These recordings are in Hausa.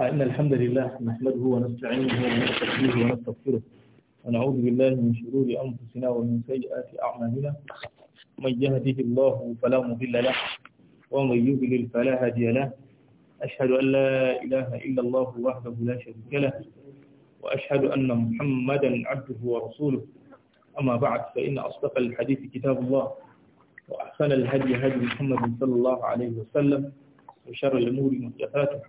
إن الحمد لله نحمده ونستعينه ونستغفره ونستغفره ونعوذ بالله من شرور أنفسنا ومن سيئات أعمالنا من يهده الله فلا مضل له ومن يضلل فلا هادي له أشهد أن لا إله إلا الله وحده لا شريك له وأشهد أن محمدا عبده ورسوله أما بعد فإن أصدق الحديث كتاب الله وأحسن الهدي هدي محمد صلى الله عليه وسلم وشر الأمور محدثاتها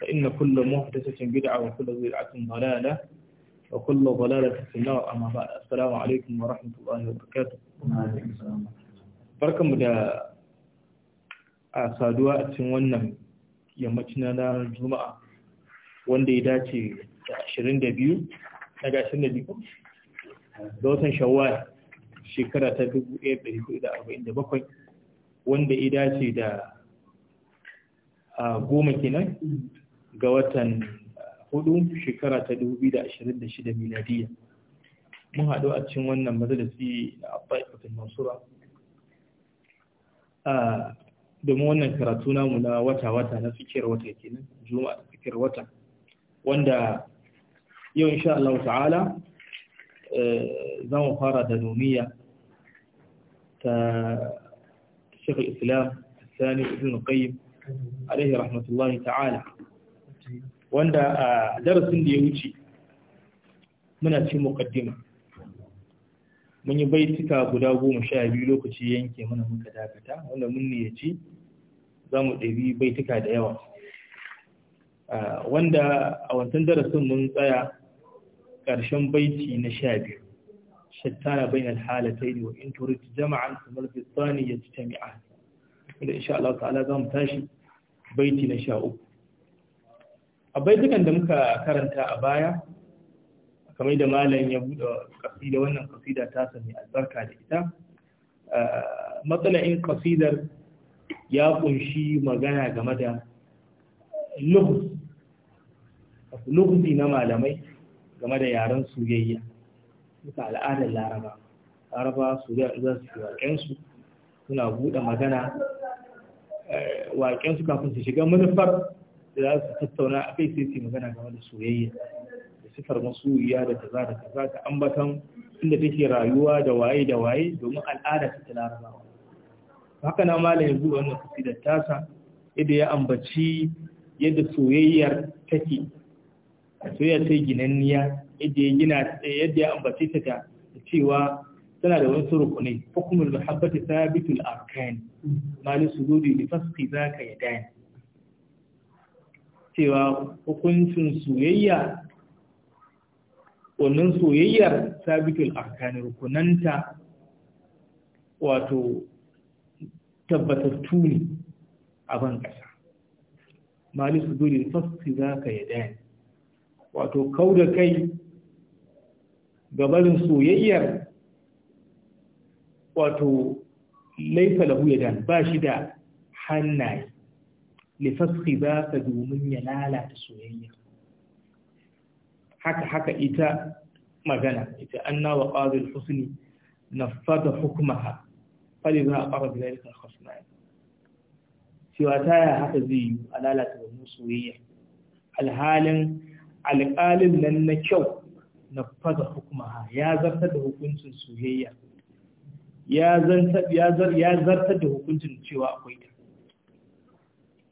فإن كل محدثة بدعة وكل بدعة ضلالة وكل ضلالة في النار أما بعد السلام عليكم ورحمة الله وبركاته barkanmu da a saduwa a cikin wannan yammacin na ranar juma'a wanda ya dace da 22 daga 22 da watan shawwal shekara ta 1447 wanda ya dace da a goma kenan ga watan hudu shekara ta 2026 miladiya mun haɗu a cikin wannan majalisi na Mansura a domin wannan karatu namu na wata-wata na fikir wata kenan juma'a da fikir wata wanda yau insha Allah ta'ala zamu fara da nomiya ta shekul islam sani ibn qayyim رحمة الله تعالى wanda a darasin da ya wuce muna ci mukaddima mun yi baituka guda goma sha biyu lokaci yanke mana muka dakata wanda mun ya ci za mu ɗabi baituka da yawa wanda a wancan darasin mun tsaya ƙarshen baiti na sha biyu shattana bainal halatai wa in turid jama'an kamar fitsani ya ci tami'a inda insha Allah ta'ala za mu tashi baiti na sha uku A dukan da muka karanta a baya kamar da malam ya buɗe kasida wannan kasida ta sami albarka da ita ah, matsala'in kasidar ya kunshi magana game da lughzi na malamai game da yaren soyayya duka al'adar laraba laraba su za su waƙensu suna buɗe magana eh, waƙensu kafin su shiga manufar da za su tattauna a kai sai su magana game da soyayya da sifar masoyiya da kaza da kaza da ambatan inda take rayuwa da waye da waye domin al'ada ta ta larabawa haka na malam yanzu wannan da tasa yadda ya ambaci yadda soyayyar take soyayya ta ginanniya yadda ya gina yadda ya ambace ta da cewa tana da wani rukunai hukumul mahabbati sabitul arkan malin sududi li fasqi zaka yadayn cewa hukuncin soyayya wannan soyayyar sabitul arkanin rukunanta wato tabbatattu ne a ban ƙasa malisu dole fasti za ka yada wato kau da kai gabarin soyayyar wato laifa lahu yadan ba shi da hannaye lifaski ba ka domin ya lalata soyayya haka haka ita magana ita anna wa qadil husni nafada hukmaha fali za a ƙara da zai kan khasna cewa ta ya haka zai yi a lalata domin soyayya alhalin alƙalin nan na kyau nafada hukmaha ya zarta da hukuncin soyayya ya zarta da hukuncin cewa akwai ta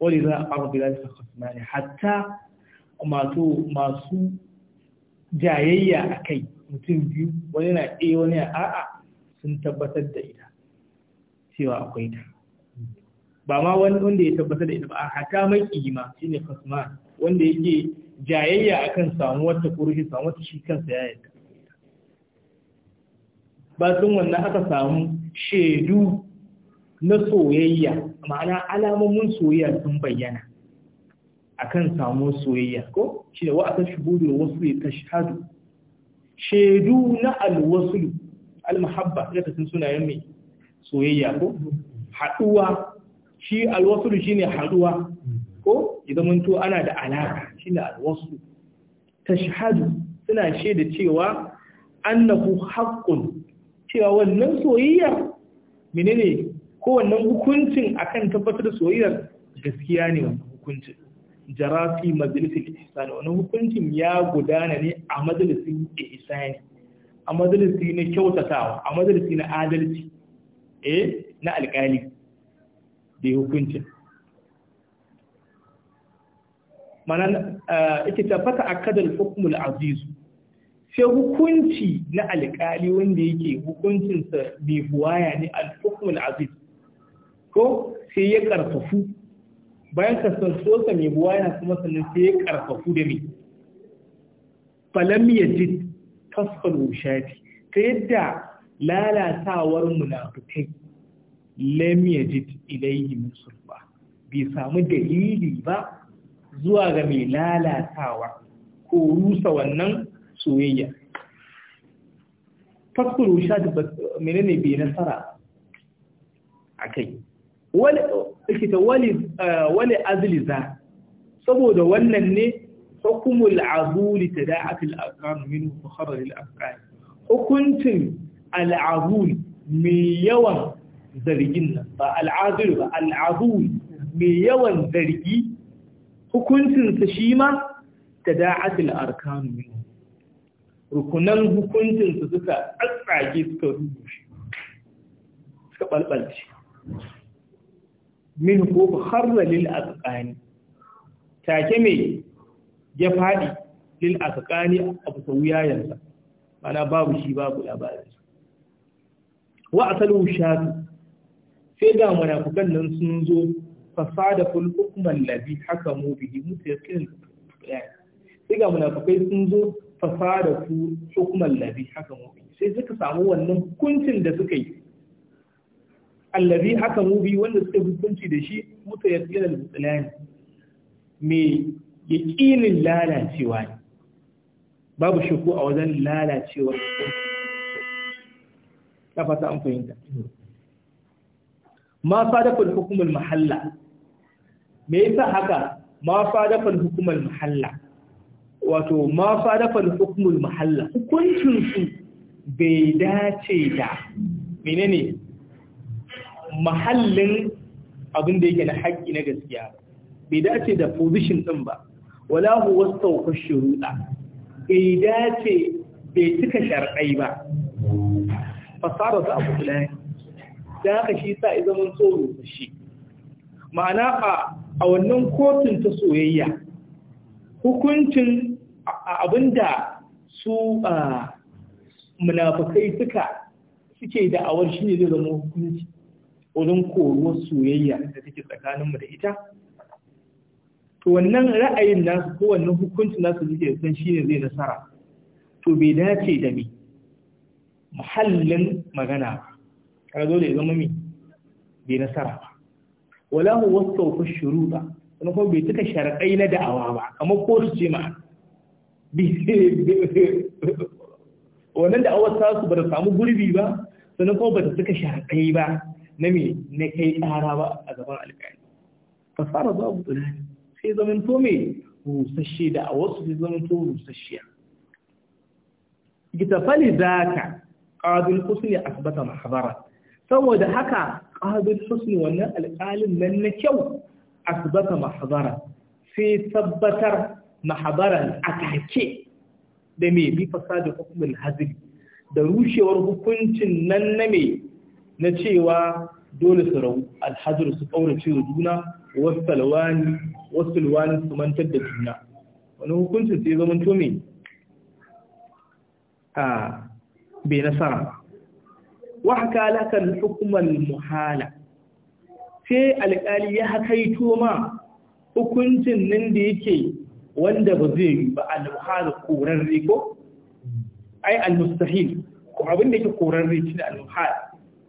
wani za a arba da su ne. hatta masu masu jayayya a kai mutum biyu wani na a wani a a'a sun tabbatar da ita cewa akwai ta ba ma wani wanda ya tabbatar da ita ba a hatta mai shi shine khasmani wanda yake jayayya a kan samu wata rashin samu wata shi kansa ya yarda ba sun wannan aka samu shaidu na soyayya ma'ana alamomin soyayya sun bayyana akan samu soyayya ko shi da wa'ata da wasu ne ta shahadu shaidu na alwasu almahabba da ta sun sunayen mai soyayya ko haduwa shi shi ne haduwa ko idan mun to ana da alaka alwasu ta shahadu suna shaida cewa annahu haƙƙun cewa wannan soyayya menene ko wannan hukuncin akan tabbatar da soyayyar gaskiya ne wannan hukuncin jarafi fi majalisul ne wannan hukuncin ya gudana ne a majalisin ne, a majalisi na kyautatawa a majalisi na adalci eh na alƙali da hukuncin mana ita eh, a akadal hukumul azizu sai hukunci na alƙali wanda yake hukuncinsa mai buwaya ne al-hukmul aziz ko sai ya karfafu bayan ka san kasantuwarsa mai buwa yana kuma sannan sai ya karfafu da mai falam ya jid tasfal ushafi ta yadda lalatawar munafukai lam ya idan ilaihi musul ba bai samu dalili ba zuwa ga mai lalatawa ko rusa wannan soyayya tasfal ushafi menene bai nasara a kai wani eh, azliza saboda wannan ne hukumul azuli ta da'afil akanu min muharraril akani hukuncin al'azul mai yawan zargin nan ba al'azul ba al'azul mai yawan zargi hukuncinsa shi ma ta da'afil akanu min rukunan hukuncinsa suka tsage suka rubuce suka balbalce min ko harra lil azqani take me ya fadi lil azqani abu sawiyayansa mana babu shi babu labarin wa asalu shatu sai ga munafukan nan sun zo fasada ful hukman ladhi hakamu bihi mutaqin sai ga munafukai sun zo fasada ful hukman ladhi hakamu bihi sai suka samu wannan hukuncin da suka yi allazi haka mu bi wanda suka hukunci da shi ya yasir al-mutlan me yaqinin lalacewa ne babu shakku a wajen lalacewa ta fata an fahimta ma sadaqal hukm al-mahalla me yasa haka ma sadaqal hukm al-mahalla wato ma sadaqal hukm al-mahalla hukuncin su bai dace da menene mahallin abin da yake na haƙƙi na gaskiya bai dace da position ɗin ba wala huwa sauka bai dace bai cika sharɗai ba fasara su abu kula da ka shi sa iza mun tsoro shi ma'ana a wannan kotun ta soyayya hukuncin abinda su munafukai suka suke awar shi ne zai zama hukunci wurin koruwar soyayya da take tsakaninmu da ita to wannan ra'ayin nasu ko wannan hukuncin nasu da san shi ne zai nasara to bai dace da mi muhallin magana ba ka zo da ya zama mi bai nasara ba wala wasu ku shuru ba, wani kuma bai tuka sharaɗai na da'awa ba ko su ce ma wannan da'awar tasu ba ta samu gurbi ba sannan kuma ba ta tuka sharaɗai ba نمي نكي أهرابا أذبر عليك عين فصار ضابط الهج في ضمن فومي وسشي دا وصف في ضمن فومي وسشي قلت فلذاك قاد القسل أثبت محضرة سوى دهك قاد الحسن وانا القالم من نكو أثبت محضرة في ثبت محضرة أكاكي دمي بفساد حكم الهزل دروشي ورغو كنت ننمي na cewa dole su rau alhajar su kaurace da juna wasu talwani su mantar da juna wani hukuncin sai zama to me a bai nasara wa haka lakar hukumar muhala sai alƙali ya hakaito ma hukuncin nan da yake wanda ba zai yi ba al-muhala riko ai al ko abin da yake korarre shi al-muhala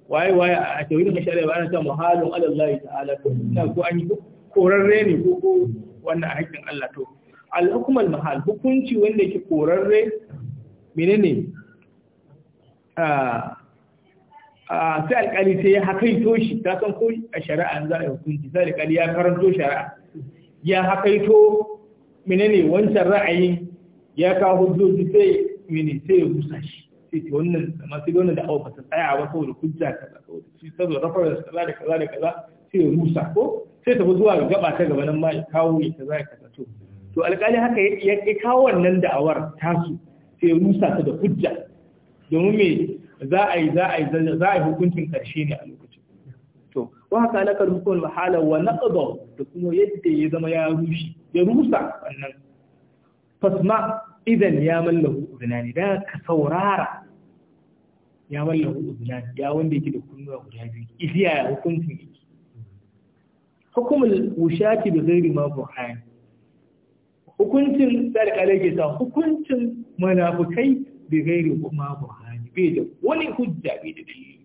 waye waye a tawhidin mashari'a ba ana ta muhalun ala Allah ta'ala to ta ko an yi korarre ne ko ko wannan haƙƙin Allah to al-hukm al-mahal hukunci wanda yake korarre menene a a sai alƙali sai ya hakaito shi ta san ko a shari'a an za a hukunci sai alƙali ya karanto shari'a ya hakaito menene wancan ra'ayin ya kawo hujjoji sai menene sai ya gusa shi sai ce wannan amma sai wannan da awa ba ta tsaya ba saboda hujja kaza saboda shi saboda reference kaza da kaza da kaza sai ya rusa ko sai tafi zuwa ga gaba ta gaba nan ma ya kawo ya kaza ya kaza to to alƙali haka ya kawo wannan da'awar tasu sai ya rusa ta da hujja domin me za a yi za a yi za a yi hukuncin ƙarshe ne a lokacin to wa haka na karfukun mahala wa naqdahu da kuma yadda ya zama ya rushe ya rusa wannan fasma idan ya mallahu zinani da ka saurara ya mallahu guda ya wanda yake da kunnuwa guda biyu iziya ya hukuncin yake hukumul wushati da ghairi ma burhan hukuncin da alƙalai ke sa hukuncin munafukai bi ghairi kuma burhan bai da wani hujja bai da dalili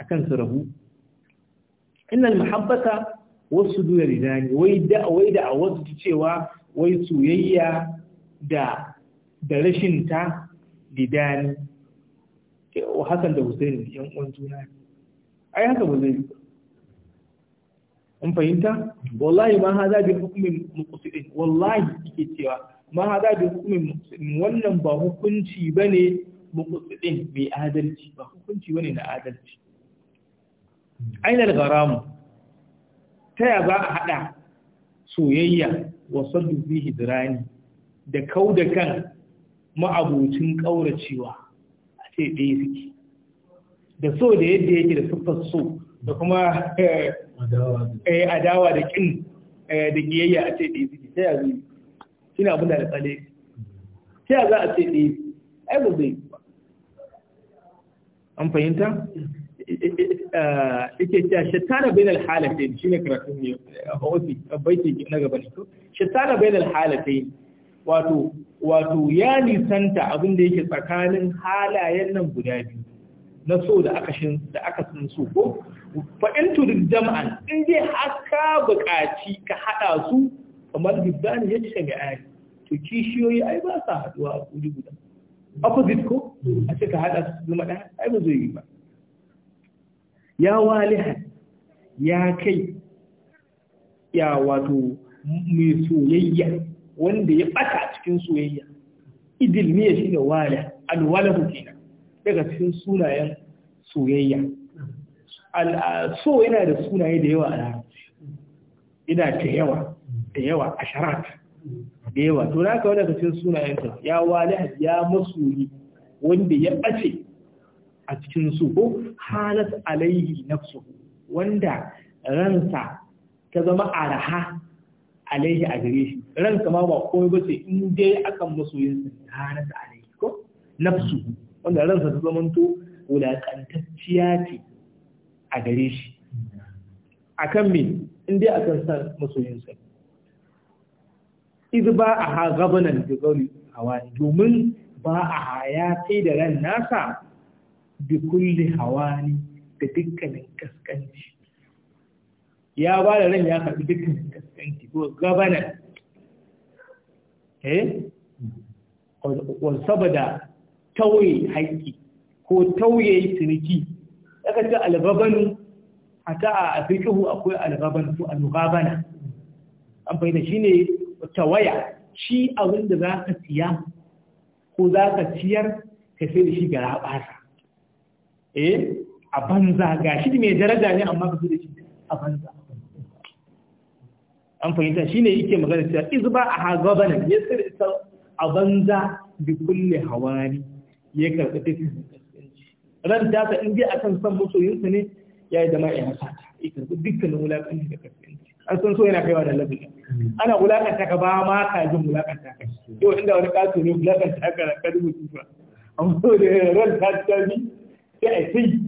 akan su rabu innal mahabbata wasu duna ridani wai da wai da wasu cewa wai soyayya da da rashin ta hasan da husaini yan uwan juna ne ai haka ba zai An fahimta wallahi ma haza bi hukumin muqsidin wallahi yake cewa ma haza bi hukumin muqsidin wannan ba hukunci bane muqsidin mai adalci ba hukunci bane na adalci aina al-gharam ta ya ba a hada soyayya wa saddu bihi dirani da kauda kan ma'abucin kauracewa ce ɗaya suke da so da yadda yake da siffar so da kuma adawa da kin eh, da giyayya eh, a ce ɗaya suke sai a zai shi na abin da tsale sai a za a ce ɗaya ai ba zai ba an fahimta ike eh, cewa shattana bainal shi ne karatun ne a wasu baiti na gaba ne shattana bainal yi wato wato ya nisanta abin da yake tsakanin halayen nan guda biyu na so da aka shin da aka san so ko fa in tu jam'an in dai haka buƙaci ka hada su kamar bidan ya ce mai ayi to kishiyoyi ai ba sa haduwa a kuri guda opposite ko a ce ka hada su zama ɗaya ai ba zai yi ba ya waliha ya kai ya wato mai soyayya wanda ya ɓata cikin soyayya idil ne shi da wala alwalahu kenan daga cikin sunayen soyayya so yana da sunaye da yawa a larabci ina da yawa da yawa asharat da yawa to na ka daga cikin sunayen ta ya wala ya masoyi wanda ya bace a cikin su ko halas alaihi nafsu wanda ransa ta zama araha alaihi a gare shi ransa ma ba komai ba ce in dai akan masoyinsa na ta alaihi ko nafsu wanda ransa ta zamanto wulaƙantacciya ce a gare shi akan me in dai akan san masoyinsa Idan ba a ha gabanan da gauri hawa domin ba a ha ya kai da ran nasa bi kulli hawani da dukkanin kaskanci ya ba da ran ya karbi dukkan kaskanci ko gabanar eh saboda tauye haƙƙi ko tauye ciniki daga ce albabanu ta a afirkihu akwai albabanu ko albabana an da shi ne tawaya shi abin da za ka siya ko za ka ciyar ka sai da shi ga rabasa eh a banza ga shi mai daraja ne amma ka sai da shi a banza an fahimta shine yake magana cewa izba a hagabanan ya sirta a banza da kulle hawari ya karɓi tafi ran ta in in a kan son masoyinsa ne ya yi zama ya sata ya karɓi dukkanin wulaƙanci da karfinci an san so yana kaiwa da labin ana wulaƙanta ka ba ma ka jin wulaƙanta ka yau inda wani ƙato ne wulaƙanta ka na ƙarfi mutuwa amma da ran ta ta bi sai a sai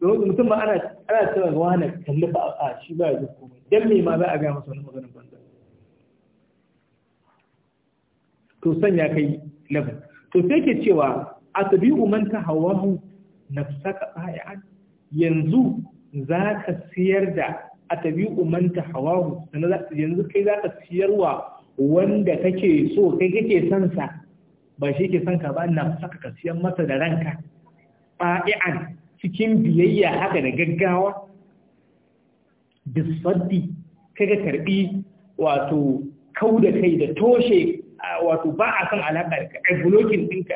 domin mutum ba ana ana cewa wani kalli ba a shi ba ya ji komai dan me ma za a ga masa wani magana banza to sanya kai level to sai ke cewa a atbi'u man tahawahu nafsaka qa'i'an yanzu za ka siyar da a atbi'u man tahawahu yanzu kai zaka siyarwa wanda kake so kai kake son sa ba shi ke son ka ba nafsaka ka siyan masa da ranka ba'i'an cikin biyayya haka da gaggawa bisaddi kaga karbi wato kau da kai da toshe wato ba a san alaƙa da kai blocking ɗinka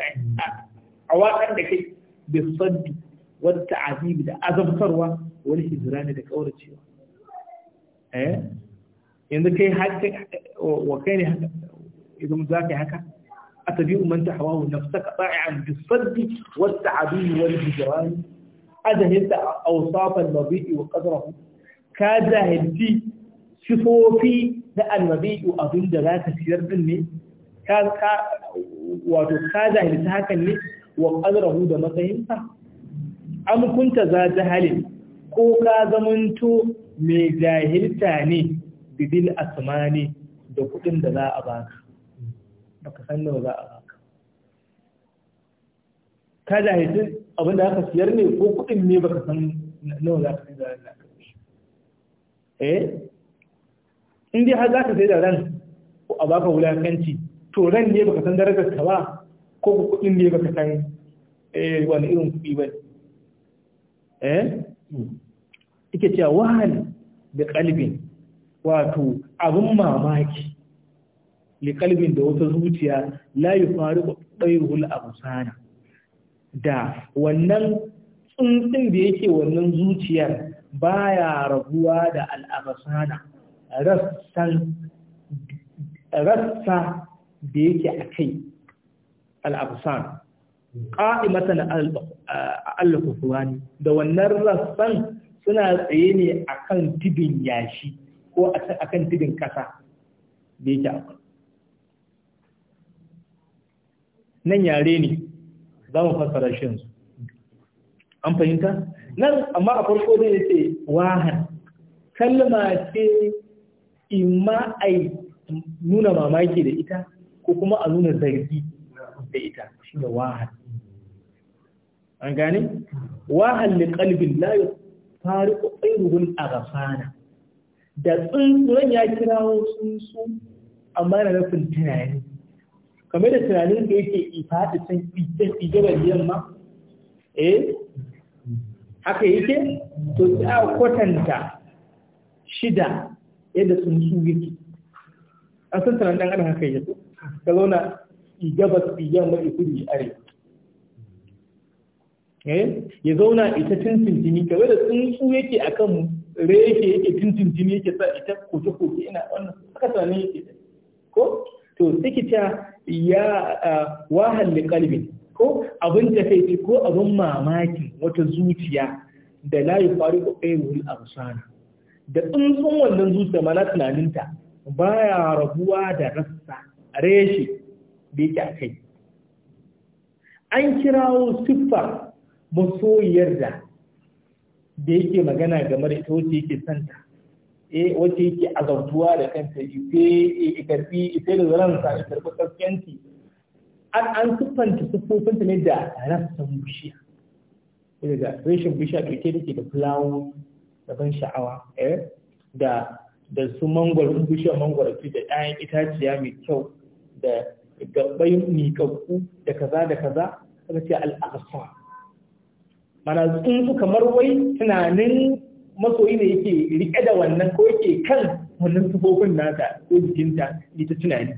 a watsar da kai disfaddi wata azibi da azabtarwa wani hijira ne da ƙauracewa eh yanzu kai haka wa kai ne haka idan za ka yi haka a أتبيء من تحواه نفسك طائعا بالصد والتعبير والهجران ajahinta a ausafan mabi'i wa qadruhu ka jahilci sifofi da almabi'u abinda za ka siyar din ne wato ka jahilci hakan ne wa ƙazarahu da matsayinsa an kunta za jahalin ko ka zamanto mai jahilta ne bibil asmani da kuɗin da za a baka baka san nawa za a baka ka jahilci abin da aka siyar ne ko kuɗin ne baka san nawa za ka sai da ran ka eh in dai har za ka sai da ran ko a baka wulakanci to ran ne baka san darajar ka ba ko kuɗin ne baka san eh wani irin kuɗi ba eh ike hmm. cewa wahal da kalbin wato abin mamaki li kalbin da wata zuciya la yufaru bayrul absana da wannan tsuntsun da yake wannan zuciyar baya rabuwa da al'abasana rassa da yake a kai al'abasana ƙa'imatan al'ukuwani da wannan rassan suna tsaye ne a kan tibin yashi ko a kan tibin ƙasa da yake akwai nan yare ne za mu fassara shi yanzu an fahimta nan amma a farko zai yake wahan kalma ce imma ai nuna mamaki da ita ko kuma a nuna zargi da ita shi da wahan an gane wahan li qalbin la yafariqu qayruhun aghfana da tsuntsuran ya kirawo sun su. amma yana nufin tunani kamar da tunanin da yake ifadi can ijabar yamma eh haka yake to sai kwatanta shida yadda sun su yake an san tunanin dan adam haka yake ka zauna igabas yamma are eh ya zauna ita tuntuntuni kamar da su yake a kan reke yake tuntuntuni yake sa ita koke-koke ina wannan haka tunanin yake ko to sikita ya wahalli kalbin ko abin tafaici ko abin mamaki wata zuciya da layu fari ko ɗaiwul amsana da tsuntsun wannan zuciya mana tunaninta baya rabuwa da rassa reshe bi ta kai an kirawo siffa masoyiyar da da yake magana game da ita wacce yake santa eh wacce yake azabtuwa da kanta ife ikarfi ife da zaransa ikarfi karfiyanci an an siffanta siffofinta ne da rassan bishiya da rashin bishiya ɗauke da ke da fulawo da ban sha'awa eh, da da su mangwaro bishiyar mangwaro su da ɗayan itaciya mai kyau da gabbai miƙaƙƙu da kaza da kaza suka ce al'aqsa mana su kamar wai tunanin masoyi ne yake rike da wannan ko yake kan wannan tufofin nata ko jikinta ita ta tunani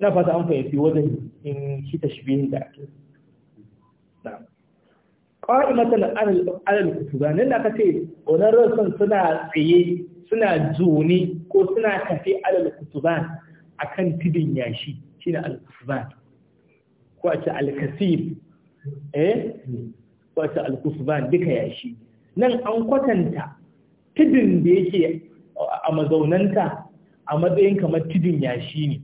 na fata an fahimci wajen in shi ta shibihin da ake matsalar alal kutuba nan da aka ce wannan rasan suna tsaye suna zone ko suna tafi alal kutuba kan tudun yashi Shi na kutuba ko a ce al kasir eh ko a ce al duka yashi nan an kwatanta tudun da yake a mazaunanta a matsayin kamar tudun yashi ne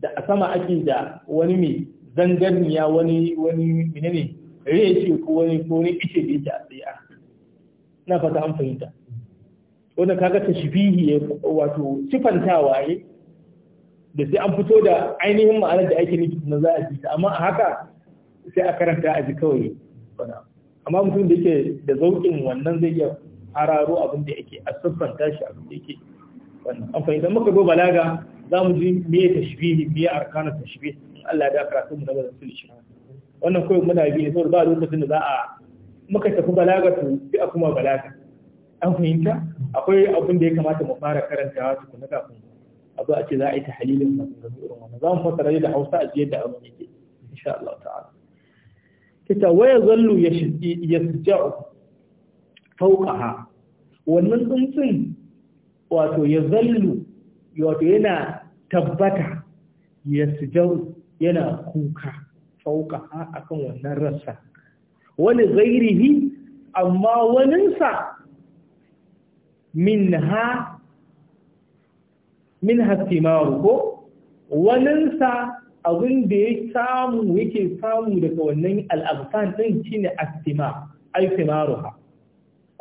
da a sama ake da wani mai zangarniya wani wani ne, reshe ko wani ko wani ice da yake a tsaye na fata an fahimta wanda kaga ta ya wato cifantawa ya da sai an fito da ainihin ma'anar da ake nufi na za a ji amma a haka sai a karanta a ji kawai wani abu amma mutum da yake da zaukin wannan zai iya hararo abin da yake a siffanta shi abin da yake wannan an fahimta muka zo balaga za mu ji me tashbihi me arkanin tashbihi in Allah ya dakara mu gaba da sulhi wannan kawai muna bi ne saboda ba lokacin da za a muka tafi balaga to bi a kuma balaga an fahimta akwai abin da ya kamata mu fara karantawa kuma kafin a zo a ce za a yi ta halilin masu irin wannan za mu fasara da hausa a jiyar da abin yake insha Allah ta'ala ita waya zallu ya sija'u fauƙaha wannan tsuntsun wato ya zallu wato yana tabbata ya sija'u yana kuka fauƙaha akan wannan rassa wani zairihi amma waninsa minha min ko waninsa abin da ya samu yake samu daga wannan al'abkan ɗin shi ne astima ha.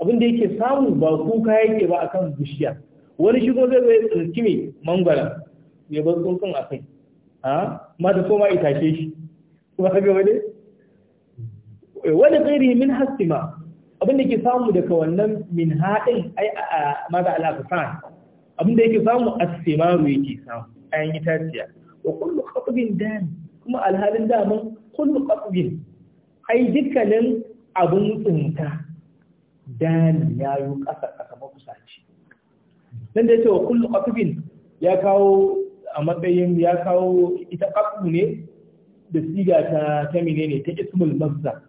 abin da yake samu ba kuka yake ba a kan bishiya wani shigo zai zai tsarki mai mangwara, ya bar tsuntsun a kai ha Mata koma itace shi kuma haka wani wani tsiri min astima abin da yake samu daga wannan min haɗin ai a maza al'abkan abin da yake samu astimaru yake samu ayan itaciya wa kullu qatbin dan kuma alhalin daman kullu qatbin ai dukkanin abun tsinta dan yayo kasa kasa makusaci dan da yace wa kullu qatbin ya kawo a matsayin ya kawo ita qatbu da siga ta ta menene ta ismul mazza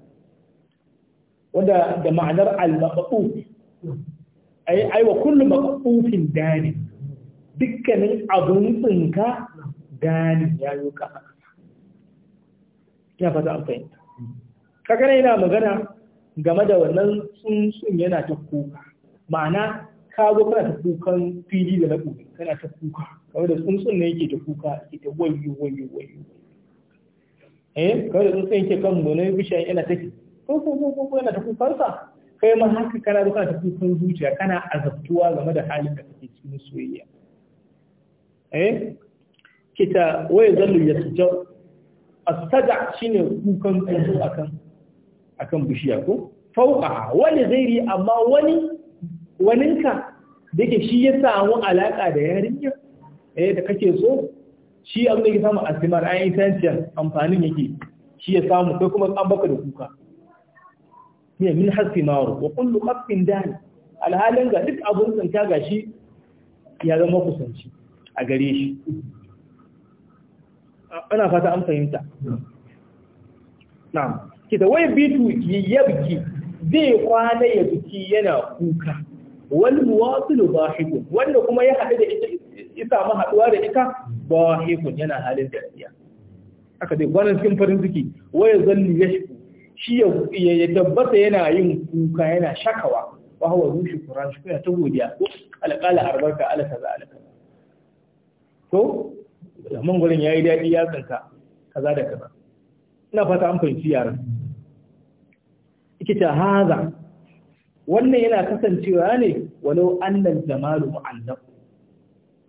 wanda ma'anar al-maqtu ai ai wa dani dukkanin abun tsinka dani ya yi ƙasa ina fata an fahimta kakana yana magana game da wannan tsuntsun yana ta kuka ma'ana ka zo kana ta kukan fili da laɓu kana ta kuka kawai da tsuntsun ne yake ta kuka yake ta wayo wayo wayo eh kawai da tsuntsun yake kan gonar bishiyar yana ta ko ko ko ko yana ta sa kai ma haka kana zo kana ta kukan zuciya kana azabtuwa game da halin da kake cikin soyayya eh kita waya zallu ya tsaja astaja shine kukan kuzo akan akan bishiya ko fauqa wani zairi amma wani waninka da yake shi ya samu alaka da yarinya eh da kake so shi an da samu asimar an intention amfanin yake shi ya samu kai kuma an baka da kuka ne min hasi maro wa kullu qafin dan alhalin ga duk abun ta gashi ya zama kusanci a gare shi ana fata an fahimta na'am kita wai bitu yabki zai kwana ya biki yana kuka wal muwasilu bahikun wanda kuma ya haɗu da ita isa mahaɗuwa da ita bahikun yana halin gaskiya aka dai gwanin cikin farin ciki waya zalli ya shi shi ya tabbata yana yin kuka yana shakawa wa hawa zushi kuran shi ta godiya alƙala albarka ala kaza ala kaza to man gurin ya yi daɗi ya tsinka kaza da kaza ina fata an fahimci yaran ikita haza wannan yana kasancewa ne walau annal jamalu mu'allaq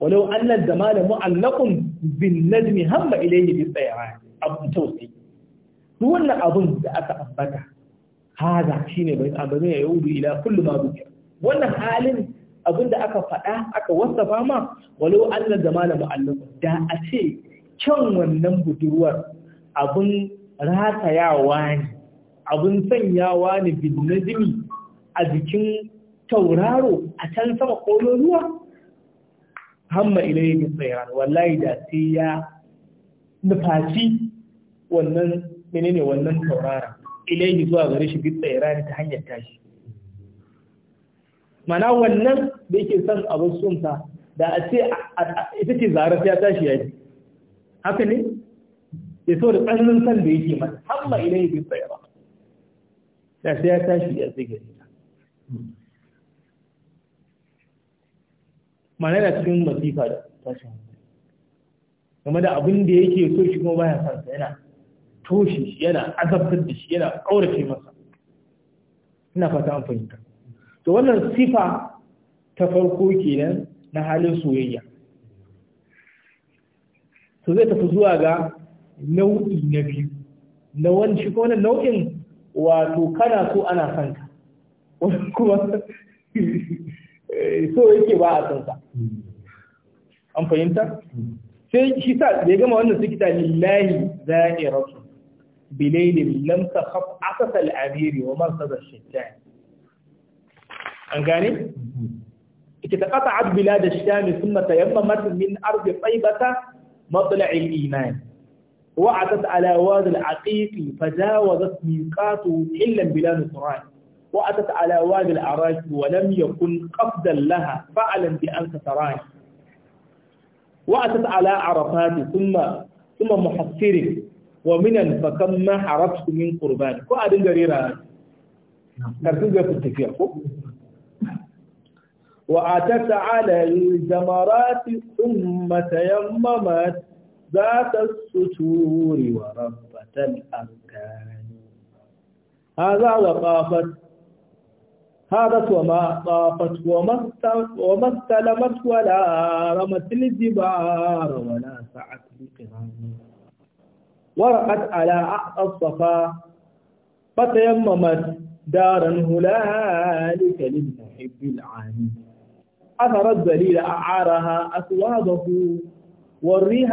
walau annal jamalu mu'allaqun bin najmi hamma ilayhi bi sayyan abu tausayi duk wannan abun da aka ambata haza shine bai abin ya yaudu ila kullu ma dukiya wannan halin Abin da aka faɗa aka wasafa ma walo Allah zamana mu'allamu da a ce kyan wannan budurwar abin ratayawa ne abin sanyawa ne bin najimi a jikin tauraro a can sama ruwa hamma ilayhi tsayran wallahi da sai ya nufaci wannan menene wannan taurara ilayhi zuwa gare shi bi tsayran ta hanyar tashi mana wannan da yake son abin sunsa da a ce ita ce zarar ya tashi ya yi haka ne ya so da tsananin san da yake mata hamma yi bin tsaye ba da sai ya tashi ya tsige ta mana yana cikin masifa da tashin game da abin da yake so shi kuma baya sansa yana toshe shi yana azabtar da shi yana ƙaurace masa ina fata an fahimta to wannan sifa ta farko kenan na halin soyayya to zai tafi zuwa ga nau'i na biyu na wani shi kuma nau'in wato kana so ana son ka wani kuma so yake ba a son sa an fahimta sai shi sa da ya gama wannan su kita lillahi za'iratu bilailin lamta takhaf asasa al-amiri wa marsada shaitan an gane ita ta kasa ad bilad ash-sham thumma tayammamat min ard taybata matla' al-iman wa atat da wad al-aqiq fajawazat miqatu illan bilad al-quran wa atat ala wad al wa lam yakun qafdan laha fa'alan bi an taran wa atat ala arafat suna thumma muhassirin wa minan fakan ma haraftu min kurban ko a dinga rera karfin zai fi tafiya ko وأتت على الجمرات ثم تيممت ذات السطور وربة الأركان هذا وطافت هذا وما طافت وما استلمت ولا رمت الجبار ولا سعت بقران ورأت على أعطى الصفا فتيممت دارا هلالك للمحب العاني أثر الدليل أعارها أسواده والريح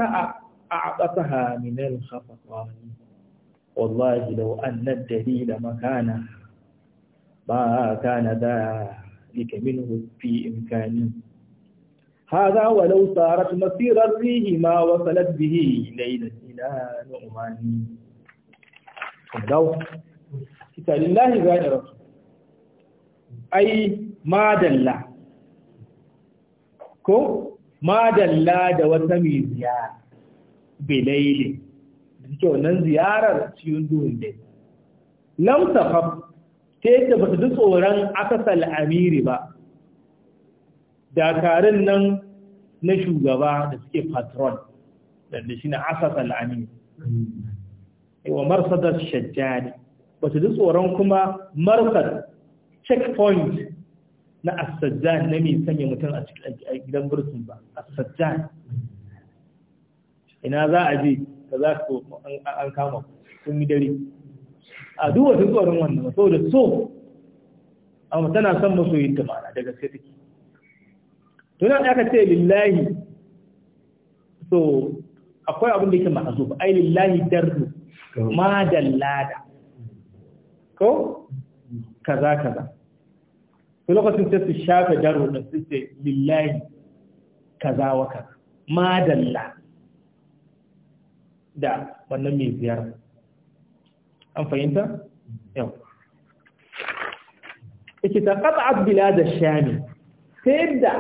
أعطتها من الخفقان والله لو أن الدليل مكانها ما كان ذلك منه في إمكاني هذا ولو صارت مصير الريح ما وصلت به ليلة إلى نعمان لو كتاب الله غير أي ما دلّ ko madalla da wata mai ziyara belaili da suke wannan ziyarar cikin duhun dai lamsafaf ta yadda ba su ji tsoron akasal amiri ba dakarun nan na shugaba da suke patron da shi na asasal amiri wa marsadar shajjani ba su ji tsoron kuma marsadar checkpoint na asajjan na mai sanya mutum a gidan bursun ba asajjan ina za a je ka za su an kama sun yi dare a duk wata tsoron wannan so da so amma tana son masoyin ta mana daga gaske take tunan aka ce lillahi so akwai abin da yake ma'azu ba ai lillahi darru ma dallada ko kaza kaza to lokacin sai su shafe daro da su ce lillahi kaza wa kaza madalla da wannan mai ziyara an fahimta yau ake ta kafa bila da shami ta yadda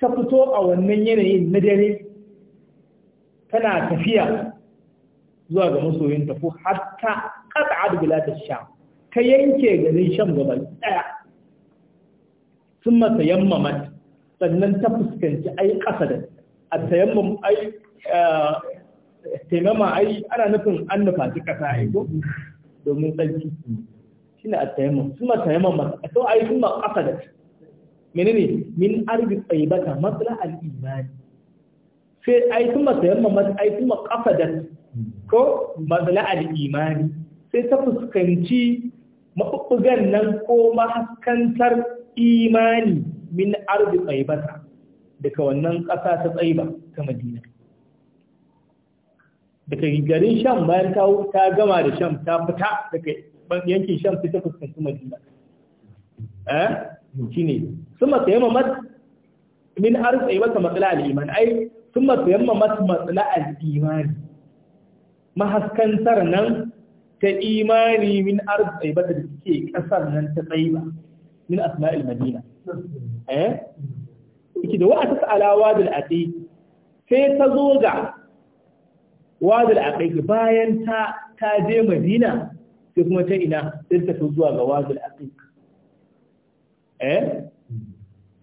ta fito a wannan yanayin na dare tana tafiya zuwa ga masoyinta ko hatta ƙas'a bila da sham ta yanke garin shan gaba ɗaya. sun masa sannan ta fuskanci ai ƙasa da a tayammam ai taimama ai ana nufin an nufaci ƙasa ai ko domin tsarki shi ne a tayammam sun masa yammamat a sau ai sun ma ƙasa da menene min arbi tsaibata matsala al'imani sai ai sun masa yammamat ai sun ma ƙasa da ko matsala al'imani sai ta fuskanci maɓuɓɓugan nan ko mahaskantar imani min arzi tsaibata daga wannan ƙasa ta tsaiba ta madina daga garin sham bayan ta gama da sham ta fita daga yankin sham ta fuskanci madina eh shine summa tayammamat min arzai wata matsala al-iman ai yamma tayammamat matsala al-iman mahaskantar nan ta imani min arzai bata da take kasar nan ta tsaiba من أسماء المدينة إيه كده وقت على وادي العتيق في تزوجة وادي العتيق باين تا تاجي مدينة كم تينا تلت تزوجة وادي العتيق إيه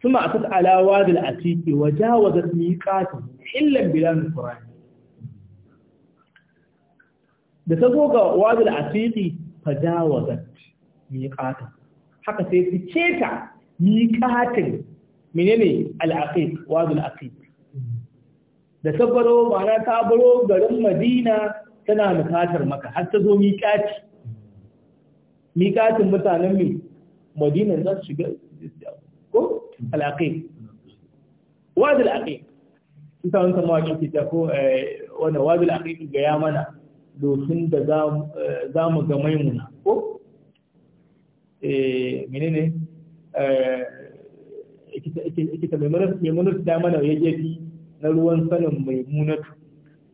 ثم أتت على وادي العتيق وجاوزت ميقات حلا بلان القرآن بتزوجة وادي العتيق تجاوزت ميقاته haka sai su keta miƙatin menene al'aqiq wazu aqiq da sabbaro ma'ana ta baro garin Madina tana nufatar maka har ta zo miƙaci miƙatin mutanen mai Madina za su shiga ko al'aqiq wazu aqiq ita wani sama wajen fita ko eh, wanda wazu aqiq ga ya mana dokin da eh, za mu ga maimuna ko Eh, menene ikita maimunar da mana ya fi na ruwan sanin maimunatu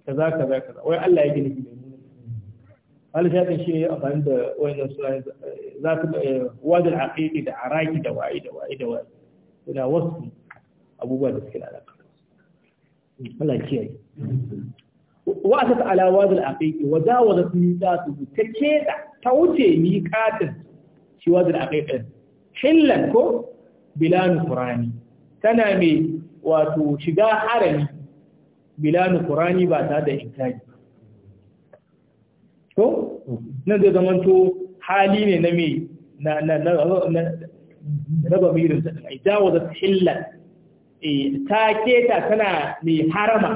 kaza kaza kaza wai Allah ya gina maimunatu wani shafin shi ya amfani da wayannan suna eh, za su eh, wajen aƙiƙi da araki da waye da waye da wa'i suna wasu abubuwa da suke lalata Allah kiyaye wa ta ala wajen aƙiƙi wa za wa yi ta su ta keda ta wuce miƙatin siwa da aqiqin hillan ko bila nuqrani tana mai wato shiga harami bila nuqrani ba ta da inkari ko nan da zamanto hali ne na mai na na na raba mirin sa ai jawaza hillan ta keta tana mai harama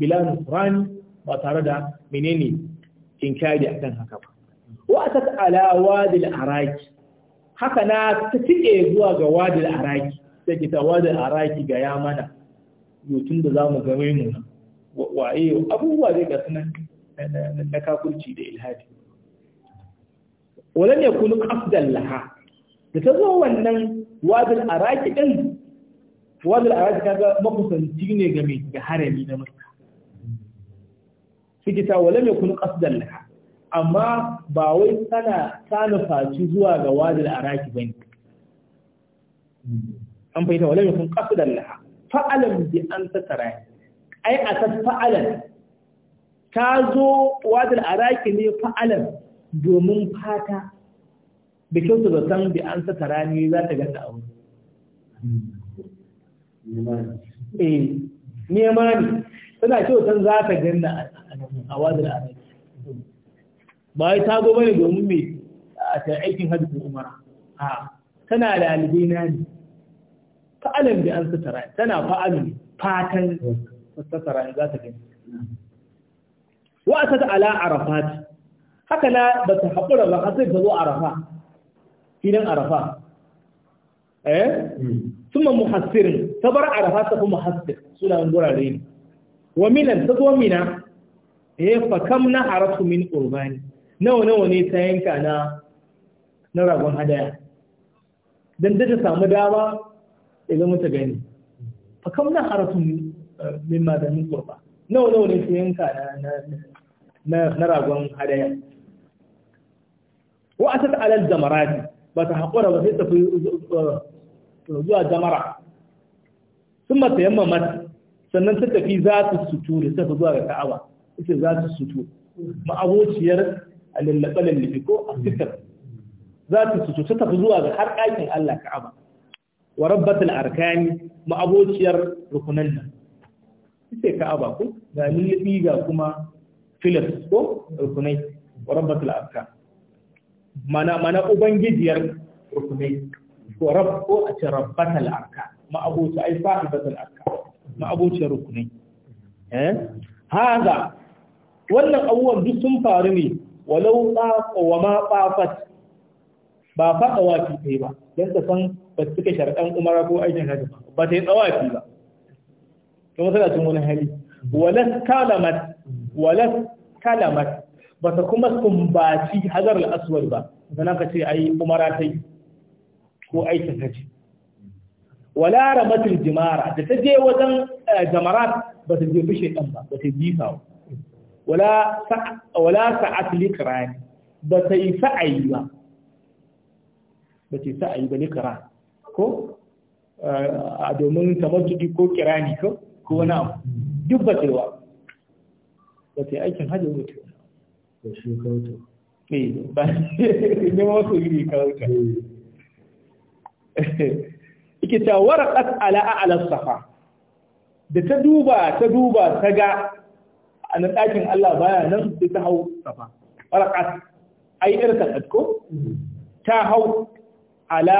bila nuqrani ba tare da menene inkari akan haka ba wa ta ala wadil araki haka na ta tike zuwa ga wadil araki sai ki ta wadil araki ga ya mana yotun da zamu ga wai Wa waye abubuwa zai ga sunan na kafurci da ilhadi walan kunu qasdan laha da ta zo wannan wadil araki din wadil araki ga makusanci ne ga mai ga harami na makka sai ki ta walan kunu qasdan laha amma ba wai tana faci zuwa ga wadil araki bane an fahimta wala yakun qasdan laha fa'alan bi an tatara ai a ta fa'alan ta zo wadil araki ne fa'alan domin fata da kyau da san bi an satara ne za ta ganta abu eh nema ne tana kyau san za ta ganna a wadil araki ba ya tago bane domin me a ta aikin hadisi umara a tana da na ne fa'alan bi an satara tana fa'alu fatan satara in za ta gani wa ta ala arafat haka na ba ta haƙura ba sai ta zo arafa filin arafa eh thumma muhassirin ta bar arafa ta fi muhassir suna gurare ne wa minan ta zo mina eh fa kam na haratu min urbani nawa nawa ne ta yanka na na ragon hadaya don ta samu dama idan zama ta gani fa kam na haratun eh, min madanin kurba nawa nawa ne ta yanka na na ragon hadaya wa a asat alal zamarati ba ta haƙura ba sai tafi eh, eh, zuwa zamara sun mata yamma mata sannan ta tafi za ta suturi ta zuwa ga ka'aba ita za su suturi ma'abociyar a lallaɓe lallafi ko a sitar za ta su ta tafi zuwa ga har ɗakin Allah ka'aba wa rabbatul arkani ma'abociyar rukunan nan sai ka'aba ko ga lallaɓi ga kuma filas ko rukunai wa rabbatul arkan mana mana ubangijiyar rukunai ko rab ko a ce rabbatul arkan ma'aboci ai fa'ibatul arkan ma'abociyar rukunai eh haza wannan abubuwan duk sun faru ne walau tsafa wa ma tsafat ba fa tsawafi kai ba don ta san ba su suka sharaɗan umara ko aikin hajji ba ba ta yi tsawafi ba kuma tana cin wani hali walas kalamat walas kalamat ba ta kuma sumbaci hazar al'aswar ba zana ka ce a yi umara ta yi ko aikin hajji wala ramatul jimara da ta je wajen eh, jamarat ba ta je bishe ɗan ba ba ta jifa ba wala sa'at likirani ba ta yi sa'ayi ba ba ta yi sa'ayi ba likira ko eh, a domin tamattuki ko kirani ko ko wani abu duk ba ta yi wa ba ta yi aikin hajji ba ta yi ba shi kawta ne eh, ba ne ma wasu iri kawta ike ta warakat ala'a ala safa da ta duba ta duba ta ga Ana ɗakin Allah baya nan sai ta hau safa warakat ai irtakat ko ta hau ala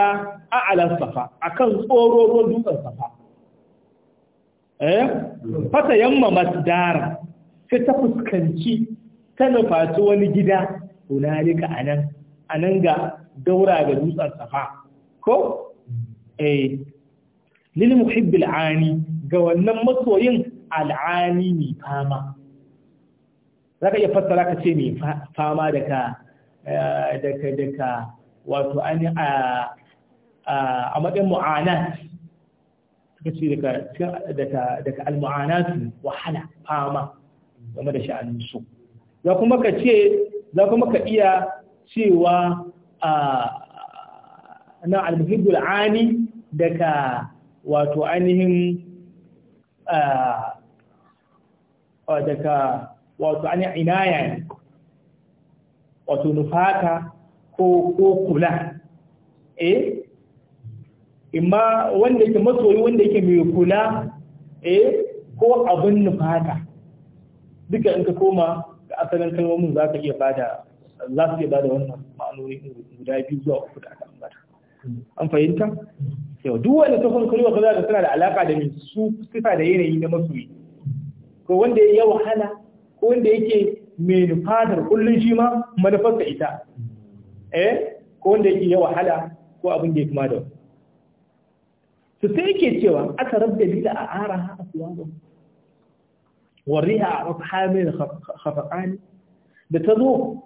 a'la safa akan tsororon dukan safa eh fata yamma masdar sai ta fuskanci ta nufaci wani gida hunalika anan anan ga daura ga dutsen safa ko eh lil muhibbil ani ga wannan masoyin al'ani ne fama za ka iya fassara ka ce mai fama da ka da ka da ka wato an a matsayin mu'anat suka ce daga al-mu'anatu wahala fama game da sha'aninsu za kuma ka ce za kuma ka iya cewa na al-muhibbul ani daga wato ainihin eh, daga wato an inaya ne wato nufata ko ko kula eh imma wanda yake masoyi wanda yake mai kula eh ko abin nufata duka in ka koma ga asalin kalmomin za ka iya bada za su iya bada wannan ma'anoni guda biyu zuwa uku da aka ambata an fahimta yau duk wanda ta kun kalma kaza da tana da alaka da su sifa da yanayi na masoyi ko wanda ya wahala ko wanda yake mai nufatar kullum shi ma manufarsa ita eh ko wanda yake yawa wahala ko abin da ya kuma da wani su sai yake cewa aka rabda lila a ara ha a suwa ba Wari a wata hamil hafaƙani da ta zo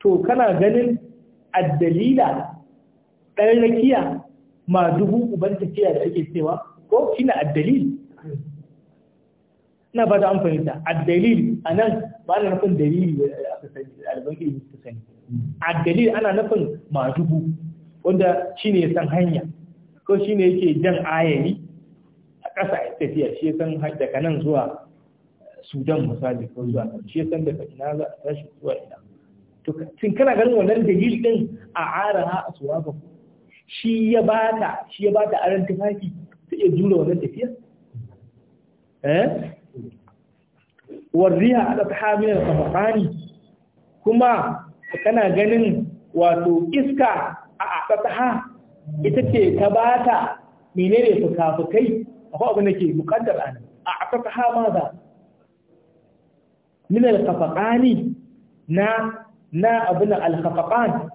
to kana ganin dalila ɗan rakiya ma dubu uban tafiya da ake cewa ko shi na addalil ina ba da an fahimta dalili a nan ba na nufin dalili da aka sani ɗaliban ilimi suka sani addalil ana nufin madubu wanda shi ya san hanya ko shi ne yake jan ayani a ƙasa ya tafiya shi ya san daga nan zuwa sudan misali ko zuwa nan shi ya san daga ina za a tashi zuwa ina to tun kana ganin wannan dalil din a araha a suwaga shi ya bata shi ya bata aran tufafi ta iya jure wannan tafiya eh a da tahamilar safaqani kuma kana ganin wato iska a asataha ita ce ta bata menene fukafukai akwai abin da ke bukantar an a asataha ma za min al-safaqani na na abin al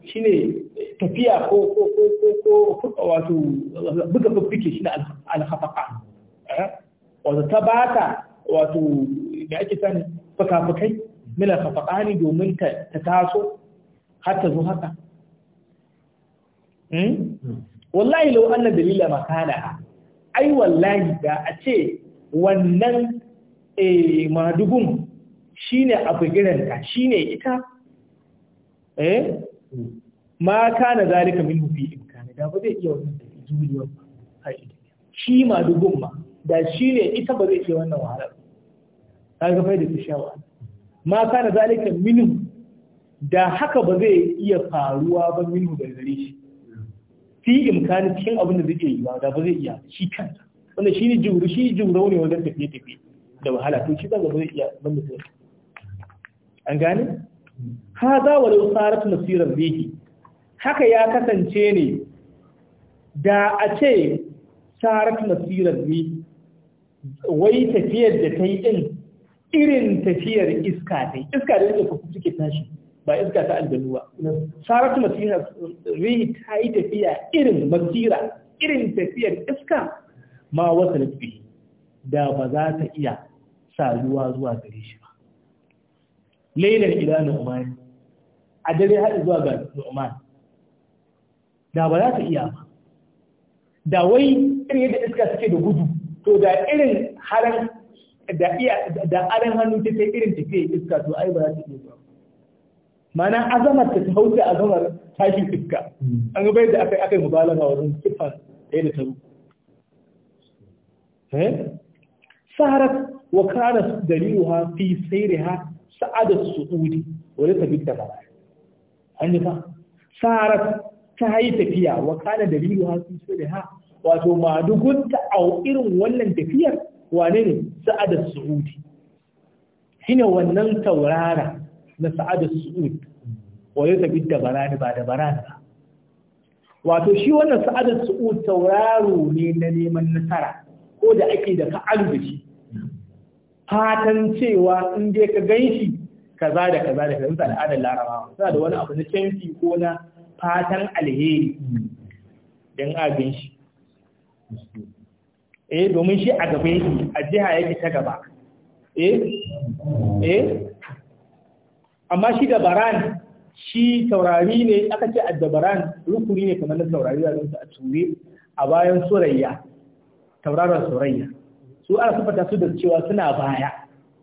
shi ne tafiya ko ko ko ko ko wato buga fuffike shi al-safaqan eh? wato ta ta wato da ake sani fakafakai mila fafakani domin ta taso har ta zo haka hmm? wallahi lau anna dalila makana ai wallahi da a ce wannan shi eh, ne madugun shine Shi ne ita eh ma kana zalika min fi imkani da ba zai iya wannan da juriyar ba shi madugun ma da shi ne ita ba zai iya wannan wahalar kaga fa da kishawa ma kana zalika minhu da haka ba zai iya faruwa ba minhu da gare shi fi imkani cikin abin da zai yi ba da ba zai iya shi kanta wanda shi ne juru shi juru ne wajen tafiye tafiye da wahala to shi zanga ba zai iya ban da zai an gane ha za wa tsara tsarat nasirar bihi haka ya kasance ne da a ce tsarat nasirar bihi wai tafiyar da ta yi din irin tafiyar iska ne iska da yake fuku suke tashi ba iska ta aljanu ba saratu masira rihi ta yi tafiya irin masira irin tafiyar iska ma wata nufi da ba za ta iya saluwa zuwa gare shi ba lailar ila nu'mani a dare haɗu zuwa ga nu'mani da ba za ta iya ba da wai irin yadda iska suke da gudu to da irin haran da iya da aran hannu ta kai irin tafiya iska to ai ba za ta iya ba mana azamar ta hauce azamar tashin iska an ga bai da aka yi mubalaga wurin kifan ɗaya da taru eh? Saharar wa kara dalilu ha fi sayriha su su'udi wani tafi ta ba an yi fa Saharar ta yi tafiya wa dalilu ha fi ha wato dukunta a irin wannan tafiyar wane ne sa'adar su'udi shine wannan taurara na sa'adar su'ud waye tafi da barani ba da barani ba wato shi wannan sa'adar su'ud tauraro ne na neman nasara ko da ake da ka da shi fatan cewa in dai ka ganshi kaza da kaza da kaza al'adar larabawa suna da wani abu na canfi ko na fatan alheri don abin shi. eh domin shi a gaba yake a jiha yake ta gaba eh eh amma shi da baran shi taurari ne aka ce addabaran rukuni ne kamar na taurari da a ture a bayan surayya tauraron surayya su ana sufata su da cewa suna baya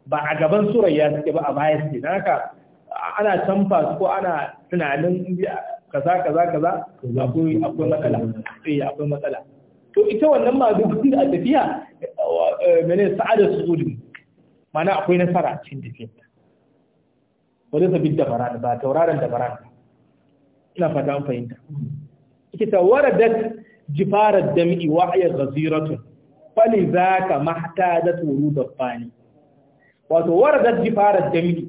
ba a gaban surayya suke ba a baya suke don haka ana canfa su ko ana tunanin kaza kaza kaza akwai matsala akwai matsala eh, to ita wannan duk da a tafiya eh, mene su su'udin mana akwai nasara a cikin tafiya. Wani ta da bara ba tauraron da bara ina fata an fahimta ita ta waradat jifarar dam'i wa'ayar gaziratun fali za ka mahata da turu da fani wato waradat jifarar dam'i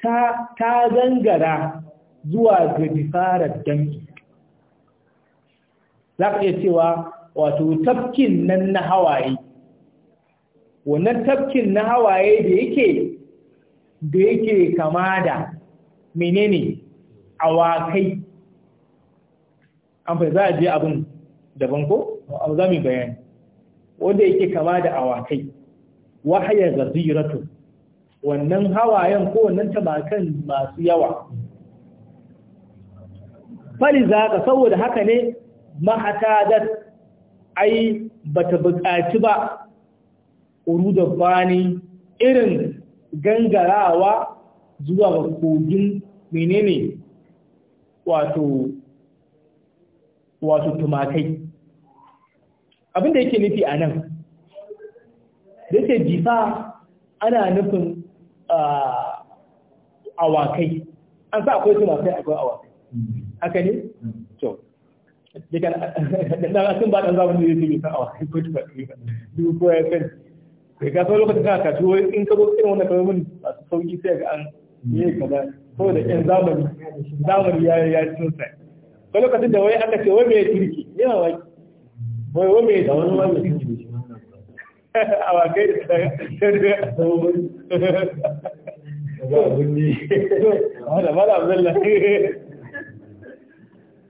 ta gangara zuwa ga jifarar dam'i za ka iya cewa wato tafkin nan na hawaye wannan tafkin na hawaye da yake da yake kama da menene awakai an fa za a je abin daban ko za mu bayani wanda yake kama da awakai wahaya gaziratu wannan hawayen ko wannan tabakan masu yawa fali za ka saboda haka ne mahatadat ai bata buƙaci ba da bani irin gangarawa zuwa ga kogin menene wato wato tumakai abinda yake nufi a nan da yake jifa ana nufin awakai an sa akwai tumakai akwai awakai haka ne mm. dukan da sun ba dan zamani ne ne san awa ko ta duk ko ya san kai ka so lokacin ka ka to in ka zo wannan kamar mun ba su sauki sai ga an ne kaza saboda yan zamani zamani ya ya sun ko lokacin da wai aka ce wai me kirki ne ma wai wai wai me da wani wani kirki a kai da da da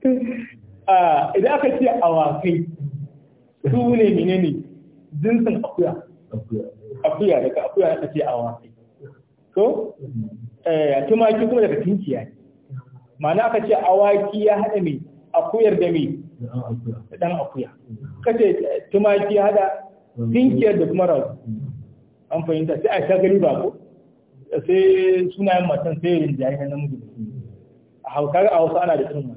da idan aka ce awakai su ne menene jinsin akuya akuya daga akuya aka ce awakai ko eh, tumaki kuma daga tunkiya ne ma'ana aka ce awaki ya haɗa mai akuyar da mai ɗan akuya ce eh, tumaki ya haɗa tunkiyar da kuma rago an fahimta sai a sha gari ba ko sai sunayen matan sai yin jayi na namiji a hauka a hausa ana da irin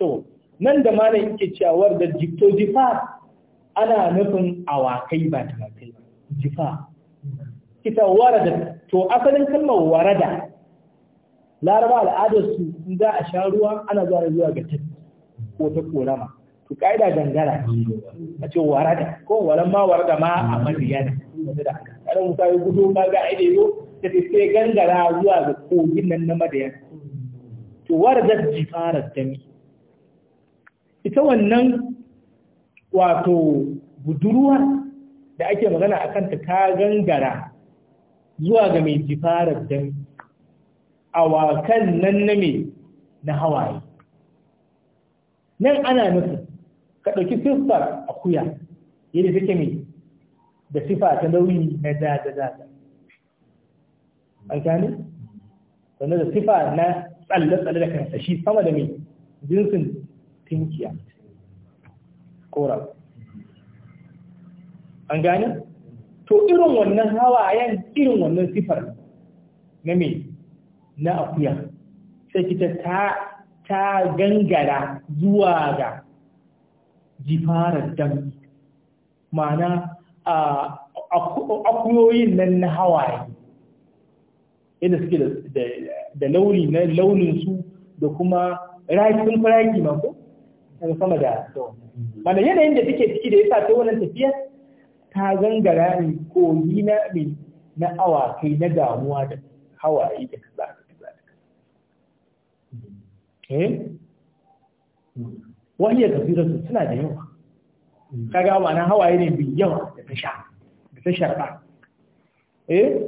to nan da ma malam yake ciyawar da jikto jifa ana nufin awakai ba tumakai ba jifa kita warada to asalin kalmar warada laraba al'adarsu in za a sha ruwa ana zuwa zuwa ga ta ko ta korama to ka'ida gangara a ce warada ko waran ma warada ma a madiyana wanda da haka kada musa ya gudu ba ga aide zo ta sai gangara zuwa ga kogin nan na madiyana to warada jifarar jami'i ita wannan wato budurwa da ake magana a kanta ta gangara zuwa ga mai jifarar dan awakan nan na mai na hawaye nan ana nufin ka ɗauki siffar akuya yadda take mai da siffa ta nauyi na jajajaja an gane? sannan da siffa na tsalle-tsalle da kansa shi sama da mai jinsin tinkiya kora an gane to irin wannan hawayen irin wannan sifar na me na akuya sai kita ta ta gangara zuwa ga jifarar dam mana a akuyoyin nan na hawaye yadda suke da launi na launinsu da kuma rafin faraki mako in sama da mana yanayin da take ciki da yasa ta wannan tafiya ta gangara ne ko na ne na awakai na damuwa da hawaye da kaza da kaza da kaza eh? wani ya kafira su suna da yawa kaga na hawaye ne bi yawa da ta sha da ta sharba eh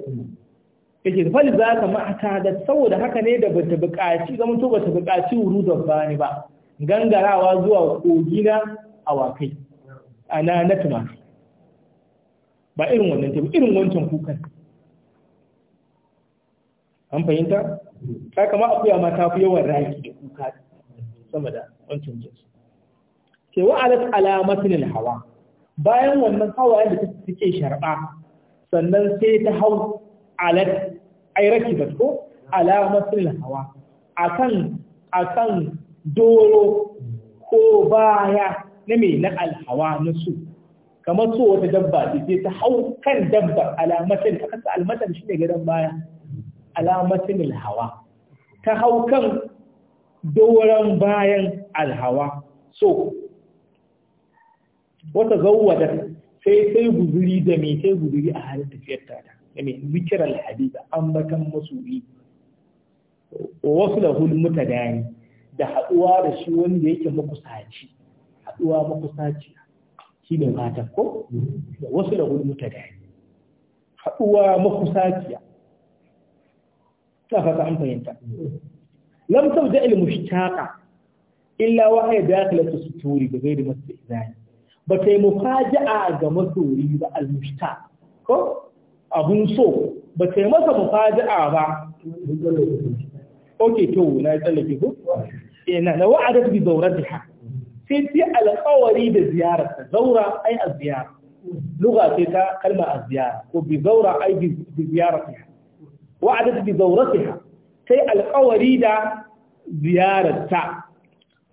da fali za ka ma'ata da saboda haka ne da bata buƙaci zaman to bata buƙaci wurudar ba ne ba gangarawa zuwa kogina a wakai ana na tumatu ba irin wannan teku irin wancan kukan an fahimta ta kama akuya ma ta fi yawan raki da kuka sama da wancan jinsu ke wa'alat alamatin hawa bayan wannan hawayen da suke sharba sannan sai ta hau alat ai ba ko alamatin hawa akan akan doro ko baya na mai na alhawa na su kamar so wata dabba da ke ta hau kan dabba alamatin a kasa almatan shi ne gadon baya alamatin alhawa ta hau kan doron bayan alhawa so wata zawwada sai sai guzuri da mai sai guzuri a halin tafiyar ta da mai zikirar hadisa ambatan masoyi wasu lahul mutadani da haɗuwa da shi wanda yake makusaci haɗuwa makusaci shi ne matan ko da wasu da gudu ta gani haɗuwa makusaciya ta fata an fahimta lam tau da ilmu shtaqa illa su turi suturi bi masu izani ba ta yi mufaja'a ga masori ba al-mushtaq ko abun so ba ta yi masa mufaja'a ba ok to na tsallake ko na wa'adat bi zawratiha sai ta alƙawari da ziyararta zaura ai a ziyara lugha ce ta kalma a ziyara ko bi zaura ai bi ziyaratiha wa'adat bi zawratiha sai alƙawari da ziyararta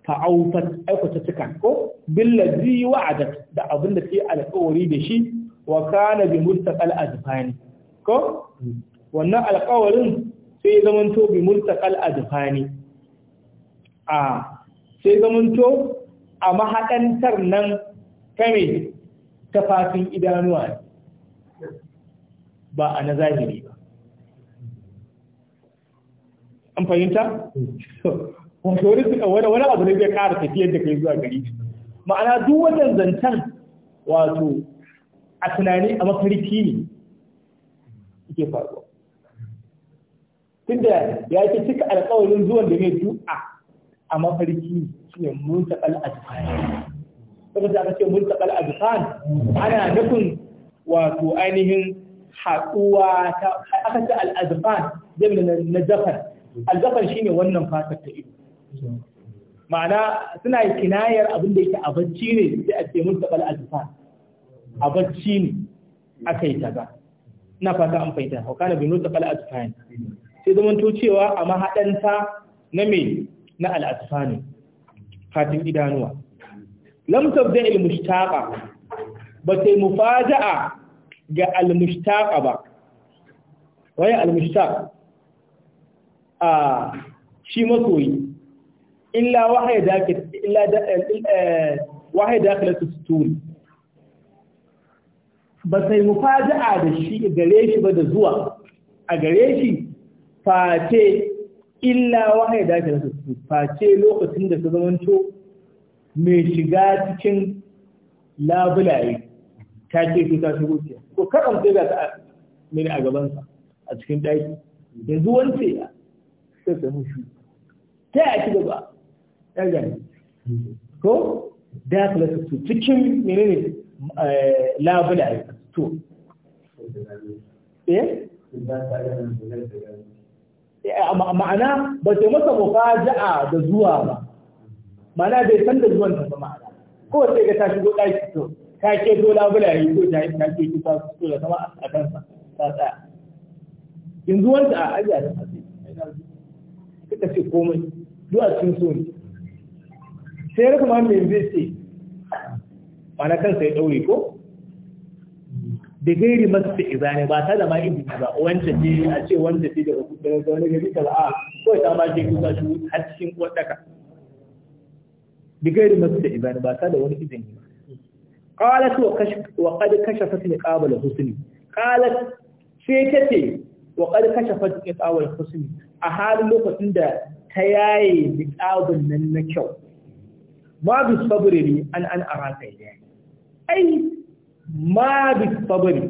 fa'aufat aikata cika ko billazi wa'adat da abinda da ta alƙawari da shi wa kana bi murtaqal azfani ko wannan alƙawarin sai zamanto bi murtaqal azfani a sai zamanto a mahaɗantar nan kame ta fatin idanuwa ba a na zahiri ba an fahimta? wato wani abu ne zai kara tafiyar da kai zuwa gari ma'ana duk wajen zancen wato a tunani a mafarki ne yake faruwa tunda ya ke cika alƙawarin zuwan da mai du'a a mafarki shi mun muntakal azfan saboda aka ce mun muntakal azfan ana nufin wato ainihin haɗuwa ta aka ce al'azfan jami'in na zafar shi ne wannan fatar ta ido ma'ana suna kinayar abin da yake a bacci ne sai a ce mun muntakal azfan a bacci ne aka yi taga Ina fata an fahimta hau kana bin nutsa kala azfan sai zaman to cewa a mahaɗanta na mai na al'asfani fatin idanuwa lam tabda al-mushtaqa ba ta mufaja'a ga al ba waye al a shi masoyi illa wahaya dakil illa eh, eh, wahaya dakil tusturi ba sai mufaja'a da shi gare shi ba da zuwa a gare shi fate illa wahaya da ta su face lokacin da su zamanto mai shiga cikin labulaye ta ce su ta shigo ce ko karan sai ga ta mini a gabansa a cikin ɗaki da zuwan ce ya sai ta mushi ta ya da gaba ya gani ko da ta su cikin menene eh, labulaye to eh ma'ana ba ta masa mufaja'a da zuwa ba ma'ana bai san da zuwan ta ma'ana ko sai ga ta shigo daki to ta ke zo bula yi ko ta yi ta ke ki su so da sama a kansa ta tsaya in zuwan ta a ajiya ta tsaya suka ce komai zuwa a cikin so ne sai rika ma me zai ce ma'ana kansa ya ɗaure ko da gairi masu iza ne ba ta da ma inda ba wancan ne a ce wanda ce da wani gari ta ba'a kawai ta ba ce kusa shi har cikin kodaka da gairi masu iza ne ba ta da wani izini ba qalat wa ƙadi kashe fasi ne ƙabala niqabal husni qalat sai ce wa ƙadi kashe qad kashafat niqabal husni a halin lokacin da ta yaye da ƙabin nan na kyau ma bi sabri an an araka yayi ai ma bi sabari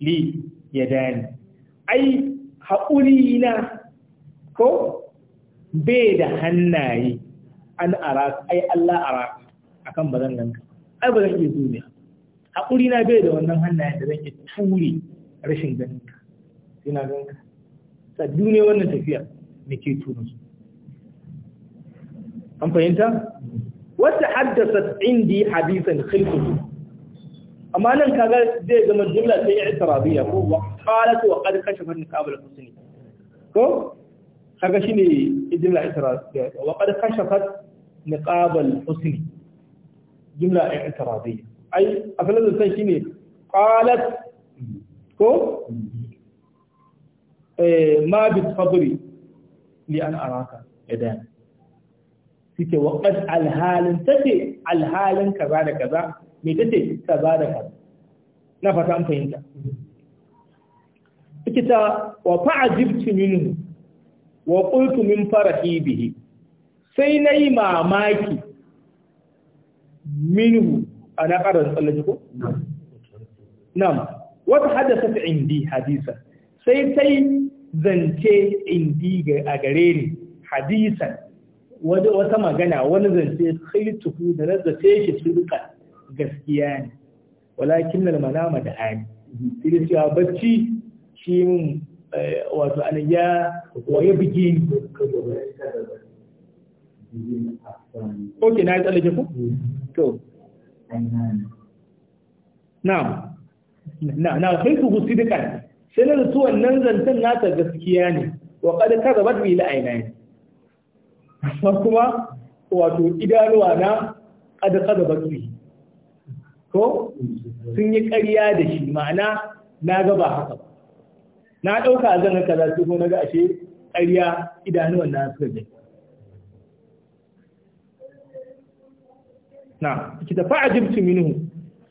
li ya dani ai haƙuri na ko bai da hannaye an araka ai Allah araka akan bazan ganka ai ba zan iya zuwa haƙuri na bai da wannan hannaye da zan iya ture rashin ganinka ina ganka saddu ne wannan tafiya da ke tura su an fahimta wata haddasa indi hadisan khilfuhu amma nan kaga zai zama jumla ta i'tirabiyya ko wa qalat wa qad kashafa niqab al-husni ko kaga shine jumla i'tirabiyya wa qad kashafa niqab al-husni jumla i'tirabiyya ai asalin san shine qalat ko eh ma bi fadri li an araka idan suke wa qad al-halin take al-halin kaza da kaza me tace ba da kaza na fata an fahimta ta wa fa'ajibtu minhu wa qultu min farahi bihi sai nayi mamaki minhu ana karar tsallaci ko na'am wata haddasa indi hadisa sai sai zance indi a gare ni hadisan wata magana wani zance kai tuhu da na zace shi turkan gaskiya ne walakin nan manama da ani sai cewa bacci shi min eh, wato anan ya waye biki ok na yi tsallake ku to na na na sai su husidikan sai na su wannan zantan nasa gaskiya ne wa kada ka zabar bi la aina kuma wato idanuwa na kada ka zabar bi ko sun yi ƙarya da shi ma'ana na ga ba haka ba na ɗauka a zanen kaza su ko na ga ashe ƙarya idanuwan na suka na ki tafi ajibtu minhu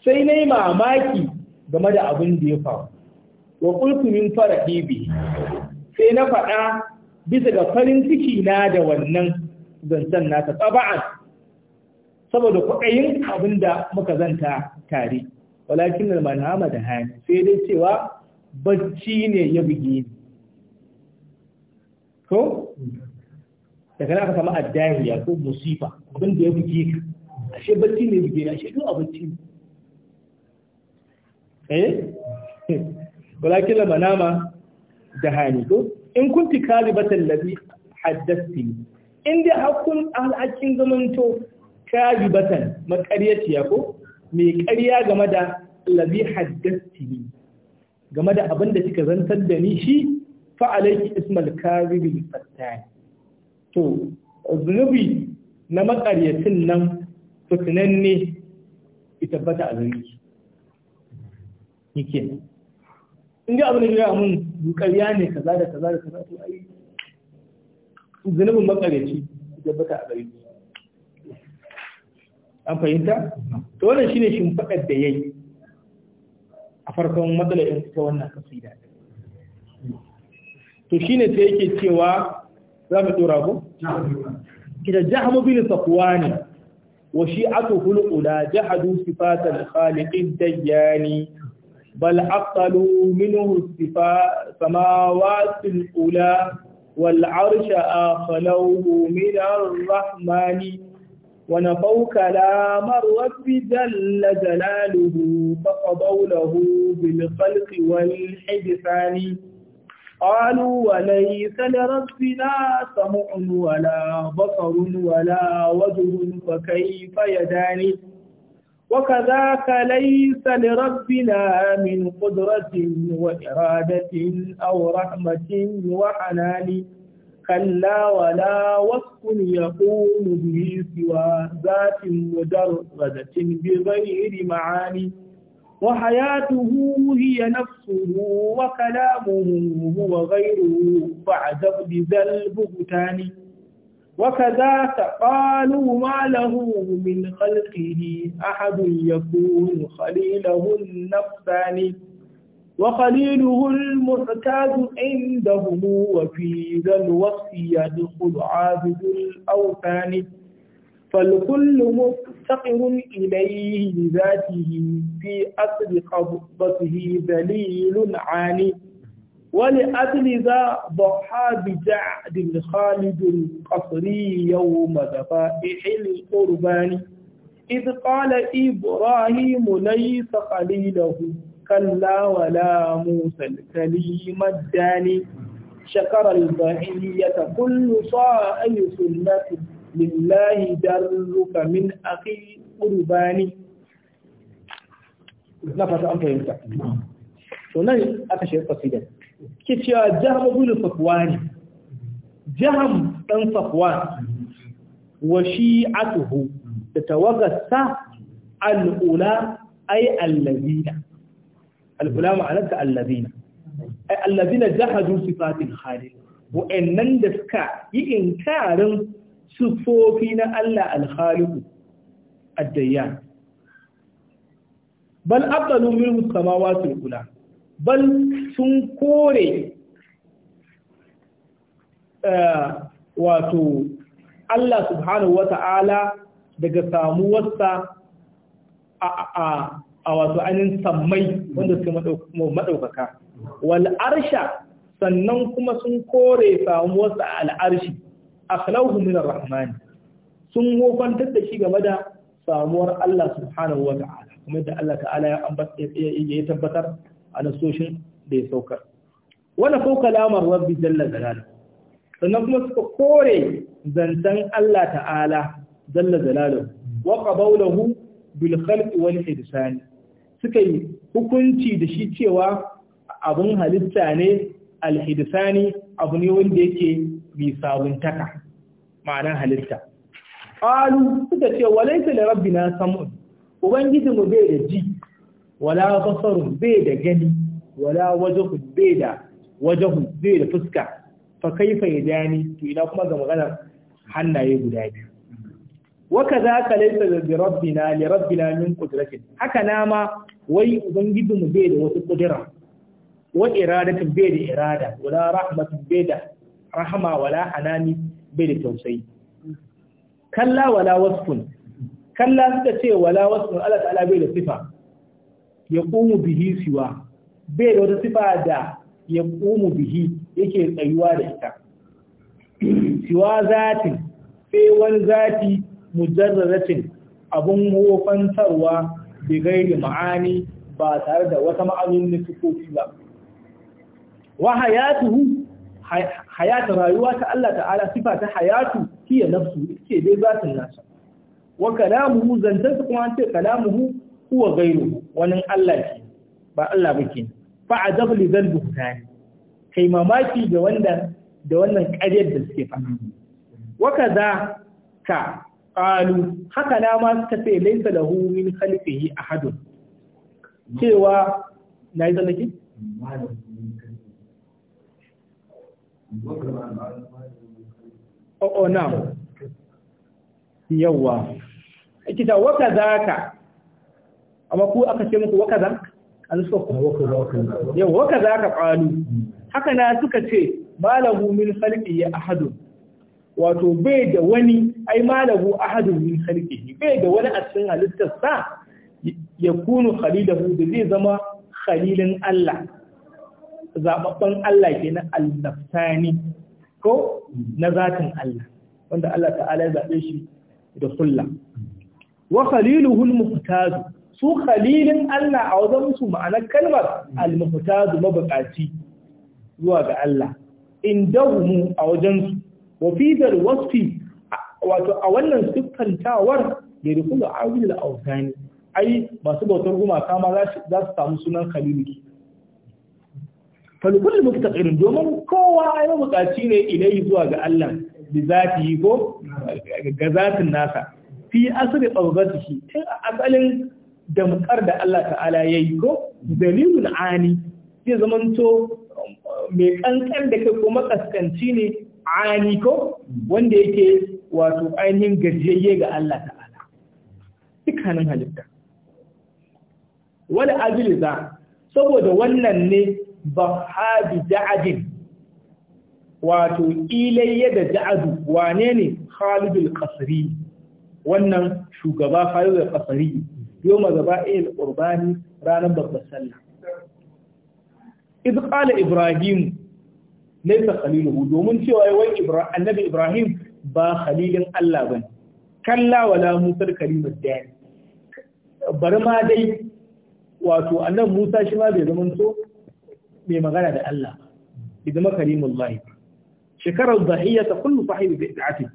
sai na yi mamaki game da abin da ya faru wa qultu min farahi bi sai na faɗa bisa ga farin ciki na da wannan zancen ta tsaba'an saboda kwaɗayin abin da muka zanta tare walakin da manama da hannu sai dai cewa bacci ne ya bugi ni ko daga aka samu addahiya ko musifa abin da ya bugi ka ashe bacci ne ya bugi ashe duk bacci ne eh walakin da manama da hannu ko in kunti kalibatan ladhi haddasti in dai hakun alhakin zamanto kaji kadibatan makaryaciya ko mai ƙarya game da allazi haddathani game da abin da kika zantar da ni shi fa alayki ismal kadhibil fattani to zunubi na makaryatin nan fitinanne ita bata azumi yake in ga abin da ya mun ƙarya ne kaza da kaza da kaza to ai zunubin makaryaci ita bata azumi an fahimta to wannan shine shimfadar da yayi a farkon matsalar in ta wannan kasida to shine sai yake cewa za mu dora ko kida jahamu bil safwani wa shi'atuhu al-ula jahadu sifat al-khaliq ad-dayani بل عقلوا منه السماوات الأولى والعرش آخلوه من الرحمن ونفوا كلام الرب جل جلاله فقضوا له بالخلق والحدثان قالوا وليس لربنا سمع ولا بصر ولا وجه فكيف يداني وكذاك ليس لربنا من قدرة وإرادة أو رحمة وحنان كلا ولا وصف يقوم به سوى ذات مجردة بغير معاني وحياته هي نفسه وكلامه هو غيره فعذب بذا البهتان وكذاك قالوا ما له من خلقه أحد يكون خليله النفساني وقليله المعتاد عندهم وفي ذا الوصف يدخل عابد الأوثان فالكل مفتقر إليه لذاته في أصل قبضته ذليل عاني ولأجل ذا ضحى بجعد خالد القصري يوم ذبائح القربان إذ قال إبراهيم ليس قليله كلا ولا موسى الكليم ya شكر البهية كل صائل سنة لله درك من أخي قرباني na fata an fahimta to nan aka shiga kasida ke cewa jaham ibn safwan jaham dan safwan wa atuhu da tawaggasa al ai ay allazina alfula ma'anarta allazina ai allazina jahadu sifatin khaliq wa'annan da suka yi inkarin sifofi na Allah al-khaliq ad-dayyan bal abdalu minhu samawati al-ula bal sun kore wato Allah subhanahu ta'ala daga samu samuwarsa a a wato ainihin sammai wanda suke maɗaukaka wal arsha sannan kuma sun kore samuwarsa a al'arshi akhlauhu min ar-rahman sun wofantar da shi game da samuwar Allah subhanahu wa ta'ala kuma yadda Allah ta'ala ya tabbatar a nasoshin da ya saukar wala ko kalamar rabbi jalla jalaluhu sannan kuma suka kore zancen Allah ta'ala jalla jalaluhu wa qabawluhu bil khalqi wal ihsani suka yi hukunci da shi cewa abin halitta ne alhidisani abu ne wanda yake bi sabuntaka ma'anar halitta Alu suka ce da rabbi na sam'un ubangijinmu bai da ji wala basarun bai da gani wala wajahu bai da wajahu bai da fuska fa kaifa yadani to ina kuma ga maganar hannaye guda biyu Waka za ka laifin da rabbi na ya rabbi na min kudurakin, haka nama wai ubangiji mu bai da wata kudura wa iradatin bai da irada wala rahmatin bai da rahama wala hanani bai da tausayi kalla wala wasfun kalla suka ce wala wasfun Allah ta'ala bai da sifa ya qumu bihi siwa bai da wata sifa da ya qumu bihi yake tsayuwa da ita siwa zatin sai wani zati mujarraratin abun hofantarwa bi gairi ma'ani ba tare da wata ma'anonin sifofi ba wa hayatuhu hayat rayuwa ta Allah ta'ala sifa ta hayatu hiya nafsu ce dai zatin nasa wa kalamuhu su kuma ce kalamuhu huwa gairu wani Allah ce ba Allah bake fa azab li zalbu tani kai mamaki da wanda da wannan ƙaryar da suke faɗa wa za ka Ƙalu, haka na ma suka ce laysa lahu min a ahadun cewa na yi tsallake Oh, oh na, yawwa. Yawwa. Kita waka za ka. Amma ku aka ce muku waka za ka suka ku. Yawwa, waka ka, ƙalu. Haka na suka ce, Malahu min halƙi a ahadu. wato bai da wani ai malahu ahadun min khalqihi bai da wani a cikin halittarsa ya kunu khalilahu da zai zama khalilin Allah zababban Allah kenan al-naftani ko na zatin Allah wanda Allah ta'ala ya zabe shi da kullu wa khaliluhu al-muhtaz su khalilin Allah a wajen su ma'anar kalmar al-muhtaz mabukaci zuwa ga Allah indahu a wajen su wa fi wasfi wato a wannan siffantawar da kula abin al-awsani ai masu bautar gumaka ma za su samu sunan khaliliki falkulli muftaqirin domin kowa ya bukaci ne ilai zuwa ga Allah bi zati ko ga zatin nasa fi asri shi tun a asalin damkar da Allah ta'ala yayi ko dalilul ani zai zamanto um, mai kankan da kai ko makaskanci ne ani wanda yake wato ainihin gajiyayye ga Allah ta'ala dukkanin halitta wala ajliza saboda wannan ne ba da'adin wato ilayya da da'adu wane ne Khalidul Qasri wannan shugaba Khalidul Qasri yoma gaba il qurbani ranar babbar sallah iz qala ibrahim laysa Khalilu domin cewa wai ibrahim annabi ibrahim ba khalilin Allah bane kalla wala musa kalimud dai bari ma dai wato annabi musa shi ma bai zama so mai magana da Allah bi zama kalimullahi shekarar dhahiyya ta kullu sahibi bi ta'ati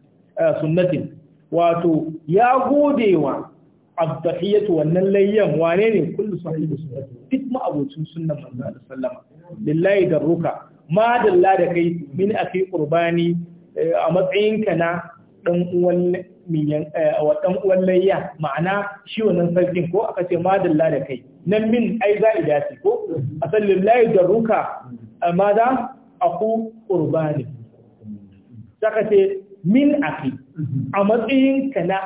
sunnatin wato ya godewa abdahiyatu wannan layyan wane ne kullu sahibi sunnati duk ma'abocin sunnan manzo sallama lillahi darruka Ma madalla da kai min a fi ƙurbani eh, a matsayinka na ɗan eh, uwan layya ma'ana shi wannan sarkin ko aka ce ma madalla da kai nan min ai za a ce ko a sallin layi da ruka amma eh, za a ku ƙurbani saka ce min a fi a matsayinka na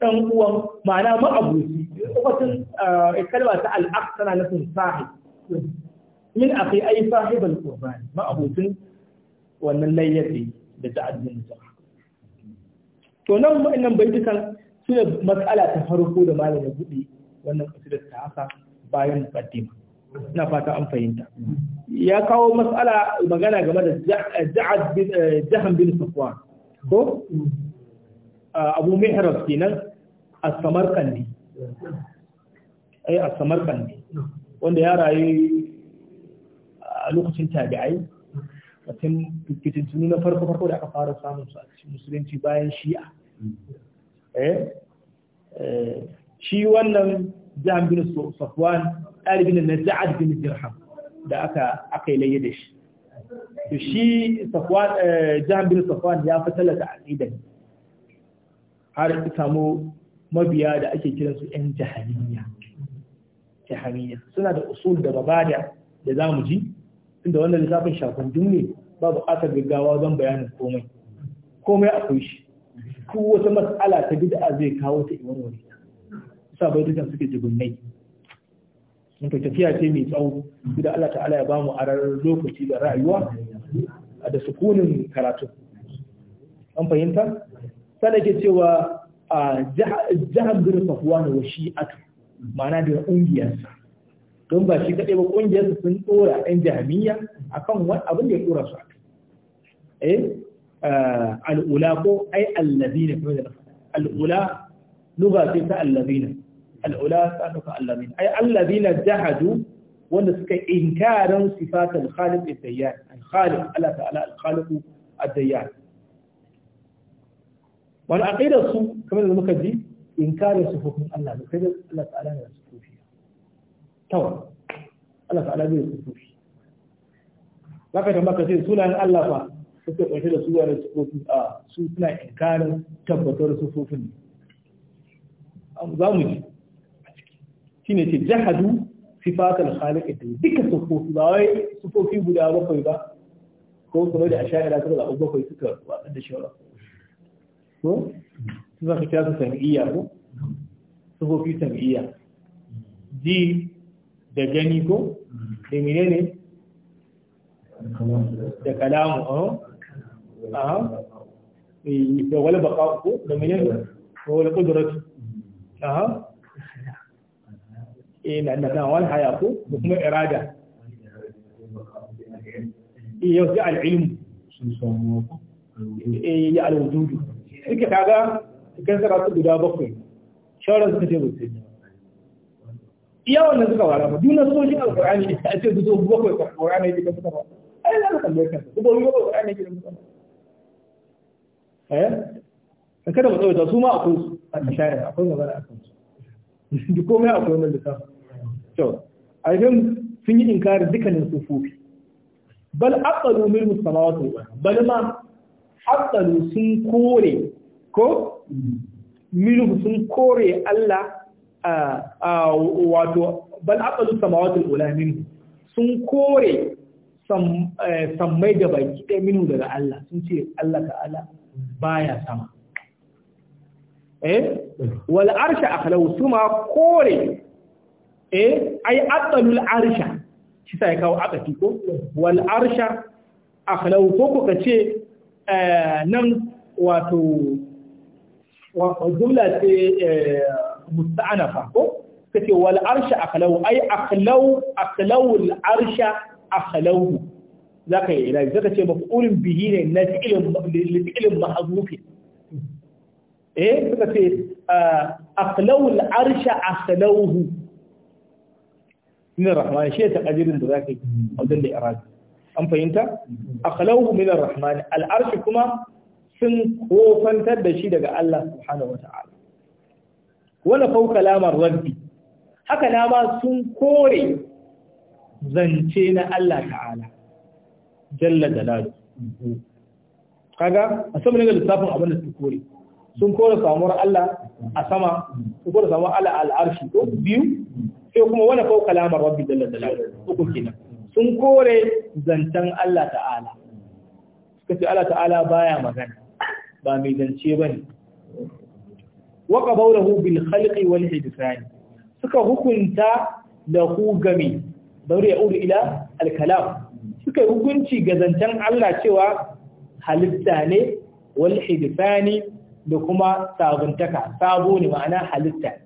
ɗan uwan ma'ana ma'abuci lokacin kalma ta al'aq tana nufin sahi min akhi ay sahibul qurban ma abutin wannan layyafi da ta'addin sa to nan wa'annan baitukan suna matsala ta farko da malam ya wannan kasidar ta haka bayan muqaddima ina fata an fahimta ya kawo matsala magana game da Ja'ad bin Jahan bin Safwan ko Abu Mihrab kenan as-Samarqandi ai as-Samarqandi wanda ya rayu a lokacin tabi'ai mutum tuni na farko farko da aka fara samun su a cikin musulunci bayan shi'a eh? Eh, shi wannan jam bin safwan ɗalibin na za'ad bin dirham da aka yi laye da shi to shi safwan eh, jam bin safwan ya fi da aqidan har samu mabiya da ake kiransu yan jahaniya jahaniya suna da usul da babada da zamu ji inda wannan lissafin shakundun ne babu aka gaggawa zan bayanin komai komai akwai shi ko wata matsala ta bid'a zai kawo ta iwan wani sa bai dukkan suke jibinai Mun ka tafiya ce mai tsawo da Allah ta'ala ya bamu arar lokaci da rayuwa da sukunin karatu an fahimta sai ke cewa a jihar bin safwan wa shi'atu ma'ana da ungiyarsa don ba shi kaɗai ba ƙungiyar sun tsora ɗan jami'a akan wani abin da ya tsora su akai eh al'ula ko ai allazina kuma da al'ula lugha sai ta allazina al'ula ta nuka allazina ai allazina jahadu wanda suka inkarin sifatul khaliq ad-dayyan al-khaliq Allah ta'ala al-khaliq ad-dayyan wal aqidatu kamar da muka ji inkarin sifofin Allah ne sai Allah ta'ala ne tawa Allah ta'ala bai kusufi zaka da maka sai sunan Allah fa suke kwace da suwa da sufofi a su suna inkarin tabbatar sufofin ne za mu ji shi ne ce jahadu sifatar khalik ita duka sufofi ba wai sufofi guda bakwai ba ko kuma da asha'ira suka zaɓi bakwai suka watsar da shawara ko su zaka kira su sam'iyya ko sufofi sam'iyya ji da gani ko da mine ne da kalamu aha eh, da wal baqa ko da mine ne ko wal qudrat aha eh na na wal haya ko da kuma irada eh, yau da al-ilm sun samu eh ya al-wujud suke kaga kan saka su guda bakwai shawaran suka ce iya wannan suka wara ba duna sojin alkur'ani a ce su zo bakwai alkur'ani yake kan fitarwa ai za ka kalle kanka su bakwai bakwai alkur'ani yake kan fitarwa eh kada mu tsawaita su ma akwai su a kashayar akwai magana a kansu duk komai akwai wannan littafin to a yanzu sun yi inkari dukkanin sufofi bal aqalu min musamawati bal ma aqalu sun kore ko minhu sun kore Allah wato bal aqalu samawati al-ula minhu sun kore eh, sammai da baki ɗaya minu daga Allah sun ce Allah ta'ala baya sama eh wal arsha akhlau suma kore eh ai aqalul arsha shi sai kawo akati ko wal arsha akhlau ko ko kace eh, nan wato wa jumla ce eh, musta'anafa ko kace wal arsha akhlau ai akhlau akhlau al arsha akhlau zaka yi ilahi zaka ce maf'ulun bihi ne na fi'ilin fi'ilin mahzufi eh suka ce ah, akhlau al arsha akhlauhu min rahman shi ta kadirin da zaka yi audan da iradi an fahimta akhlauhu min rahman al arsh kuma sun kofantar da shi daga Allah subhanahu wa ta'ala wala fauka lamar rabbi haka na ma sun kore zance na Allah ta'ala jalla jalalu kaga a sama ne ga lissafin abin da su kore sun kore samuwar Allah a sama sun kore samuwar Allah a al'arshi ko biyu sai kuma wani fauka lamar rabbi jalla jalalu uku kenan sun kore zancen Allah ta'ala suka ce Allah ta'ala baya magana ba mai zance bane wa qabawlahu bil khalqi wal ihsan suka hukunta lahu gami bari ya uri ila al kalam suka hukunci ga zancen Allah cewa halitta ne wal ihsani da kuma sabuntaka sabo ne ma'ana halitta